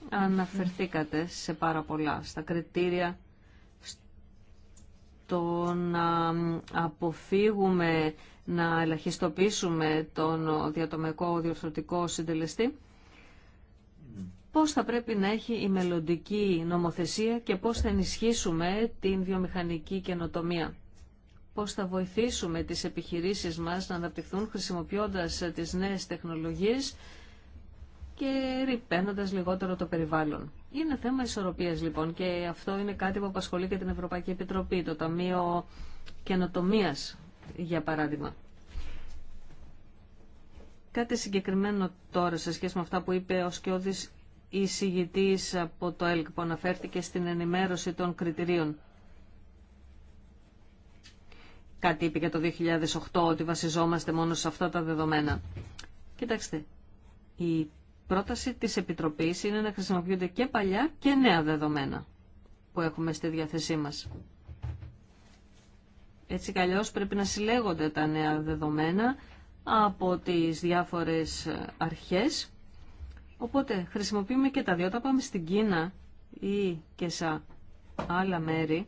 S3: Αναφερθήκατε σε πάρα πολλά, στα κριτήρια, το να αποφύγουμε, να ελαχιστοποιήσουμε τον διατομικό διορθωτικό συντελεστή πώς θα πρέπει να έχει η μελλοντική νομοθεσία και πώς θα ενισχύσουμε την βιομηχανική καινοτομία. Πώς θα βοηθήσουμε τις επιχειρήσεις μας να αναπτυχθούν χρησιμοποιώντας ε, τις νέες τεχνολογίες και ρηπαίνοντα λιγότερο το περιβάλλον. Είναι θέμα ισορροπία λοιπόν και αυτό είναι κάτι που απασχολεί και την Ευρωπαϊκή Επιτροπή, το Ταμείο Καινοτομία, για παράδειγμα. Κάτι συγκεκριμένο τώρα σε σχέση με αυτά που είπε ο Σκιώδης η εισηγητής από το ΕΛΚ που αναφέρθηκε στην ενημέρωση των κριτηρίων. Κάτι είπε για το 2008 ότι βασιζόμαστε μόνο σε αυτά τα δεδομένα. Κοιτάξτε, η πρόταση της Επιτροπής είναι να χρησιμοποιούνται και παλιά και νέα δεδομένα που έχουμε στη διάθεσή μας. Έτσι κι πρέπει να συλλέγονται τα νέα δεδομένα από τις διάφορες αρχές Οπότε χρησιμοποιούμε και τα δύο. Τα πάμε στην Κίνα ή και σε άλλα μέρη,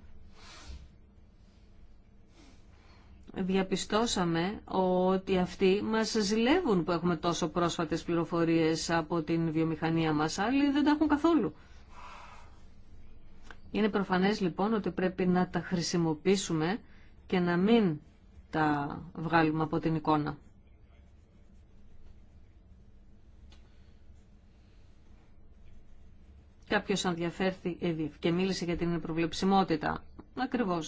S3: διαπιστώσαμε ότι αυτοί μας ζηλεύουν που έχουμε τόσο πρόσφατες πληροφορίες από την βιομηχανία μας. Άλλοι δεν τα έχουν καθόλου. Είναι προφανές λοιπόν ότι πρέπει να τα χρησιμοποιήσουμε και να μην τα βγάλουμε από την εικόνα. Κάποιος ανδιαφέρθη ε, και μίλησε για την προβλεψιμότητα. ακριβώ.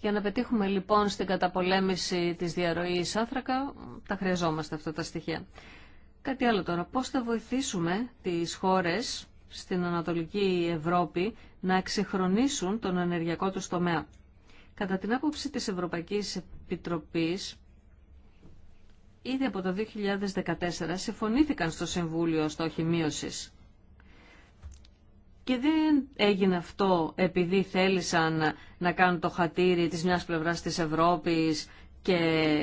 S3: Για να πετύχουμε λοιπόν στην καταπολέμηση της διαρροής άνθρακα, τα χρειαζόμαστε αυτά τα στοιχεία. Κάτι άλλο τώρα, πώς θα βοηθήσουμε τις χώρες στην Ανατολική Ευρώπη να εξυγχρονίσουν τον ενεργειακό του τομέα. Κατά την άποψη της Ευρωπαϊκής Επιτροπής, Ήδη από το 2014 συμφωνήθηκαν στο Συμβούλιο στο μείωσης. Και δεν έγινε αυτό επειδή θέλησαν να κάνουν το χατήρι της μιας πλευράς της Ευρώπης και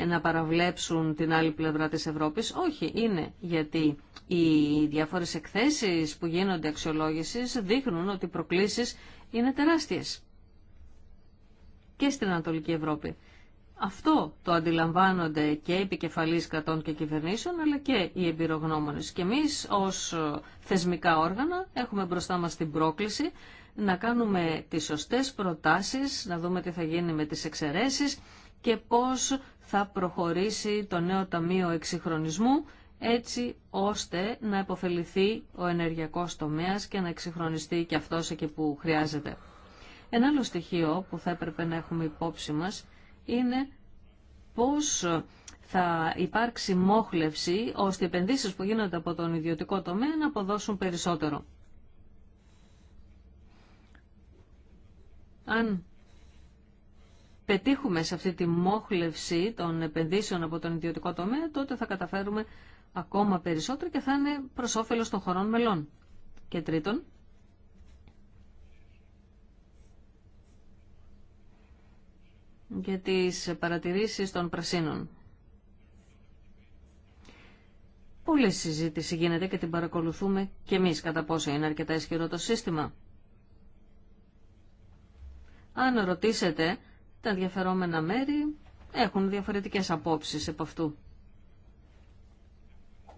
S3: να παραβλέψουν την άλλη πλευρά της Ευρώπης. Όχι, είναι γιατί οι διάφορες εκθέσεις που γίνονται αξιολόγησης δείχνουν ότι οι προκλήσεις είναι τεράστιες και στην Ανατολική Ευρώπη. Αυτό το αντιλαμβάνονται και οι επικεφαλείς κρατών και κυβερνήσεων, αλλά και οι εμπειρογνώμονες. Και εμείς ως ε, θεσμικά όργανα έχουμε μπροστά μας την πρόκληση να κάνουμε τις σωστές προτάσεις, να δούμε τι θα γίνει με τις εξαιρέσεις και πώς θα προχωρήσει το νέο Ταμείο Εξυγχρονισμού έτσι ώστε να υποφεληθεί ο ενεργειακός τομέας και να εξυγχρονιστεί και αυτός εκεί που χρειάζεται. Ένα άλλο στοιχείο που θα έπρεπε να έχουμε υπόψη μας είναι πώς θα υπάρξει μόχλευση ώστε οι επενδύσεις που γίνονται από τον ιδιωτικό τομέα να αποδώσουν περισσότερο. Αν πετύχουμε σε αυτή τη μόχλευση των επενδύσεων από τον ιδιωτικό τομέα, τότε θα καταφέρουμε ακόμα περισσότερο και θα είναι προς όφελος των χωρών μελών. Και τρίτον, για τις παρατηρήσεις των πρασίνων. Πολλή συζήτηση γίνεται και την παρακολουθούμε και εμείς κατά πόσο είναι αρκετά ισχυρό το σύστημα. Αν ρωτήσετε, τα διαφερόμενα μέρη έχουν διαφορετικές απόψεις από αυτού.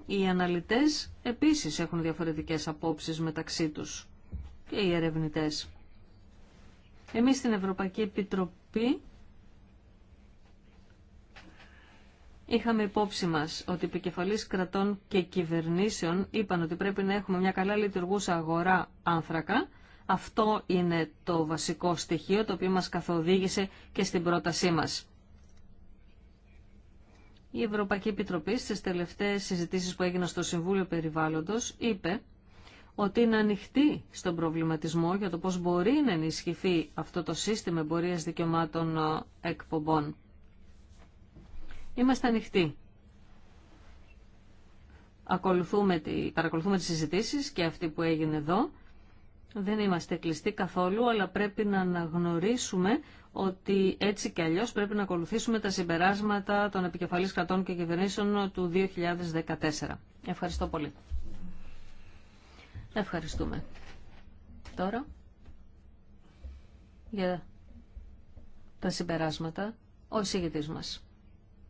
S3: Οι αναλυτές επίσης έχουν διαφορετικές απόψεις μεταξύ τους και οι ερευνητές. Εμείς στην Ευρωπαϊκή Επιτροπή Είχαμε υπόψη μα ότι οι επικεφαλεί κρατών και κυβερνήσεων είπαν ότι πρέπει να έχουμε μια καλά λειτουργούσα αγορά άνθρακα. Αυτό είναι το βασικό στοιχείο το οποίο μας καθοδήγησε και στην πρότασή μας. Η Ευρωπαϊκή Επιτροπή στις τελευταίες συζητήσεις που έγιναν στο Συμβούλιο Περιβάλλοντος είπε ότι είναι ανοιχτή στον προβληματισμό για το πώς μπορεί να ενισχυθεί αυτό το σύστημα εμπορίας δικαιωμάτων ε, εκπομπών. Είμαστε ανοιχτοί. Ακολουθούμε, παρακολουθούμε τις συζητήσεις και αυτή που έγινε εδώ. Δεν είμαστε κλειστοί καθόλου, αλλά πρέπει να αναγνωρίσουμε ότι έτσι και αλλιώς πρέπει να ακολουθήσουμε τα συμπεράσματα των επικεφαλής κρατών και κυβερνήσεων του 2014. Ευχαριστώ πολύ. Ευχαριστούμε. Τώρα, για τα συμπεράσματα, ο εισηγητής μας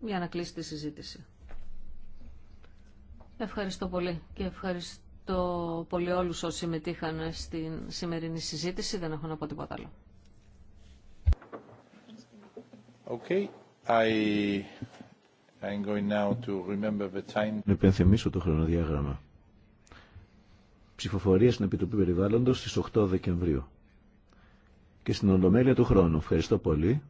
S3: για να κλείσει τη συζήτηση. Ευχαριστώ πολύ και ευχαριστώ πολύ όλους όσοι συμμετείχαν στην σημερινή συζήτηση. Δεν έχω να πω τίποτα άλλο.
S2: Okay. I... I'm going now to remember the time.
S1: Να υπενθυμίσω το χρονοδιάγραμμα. Ψηφοφορία στην Επιτροπή Περιβάλλοντος στις 8 Δεκεμβρίου και στην Ολομέλεια του χρόνου. Ευχαριστώ πολύ.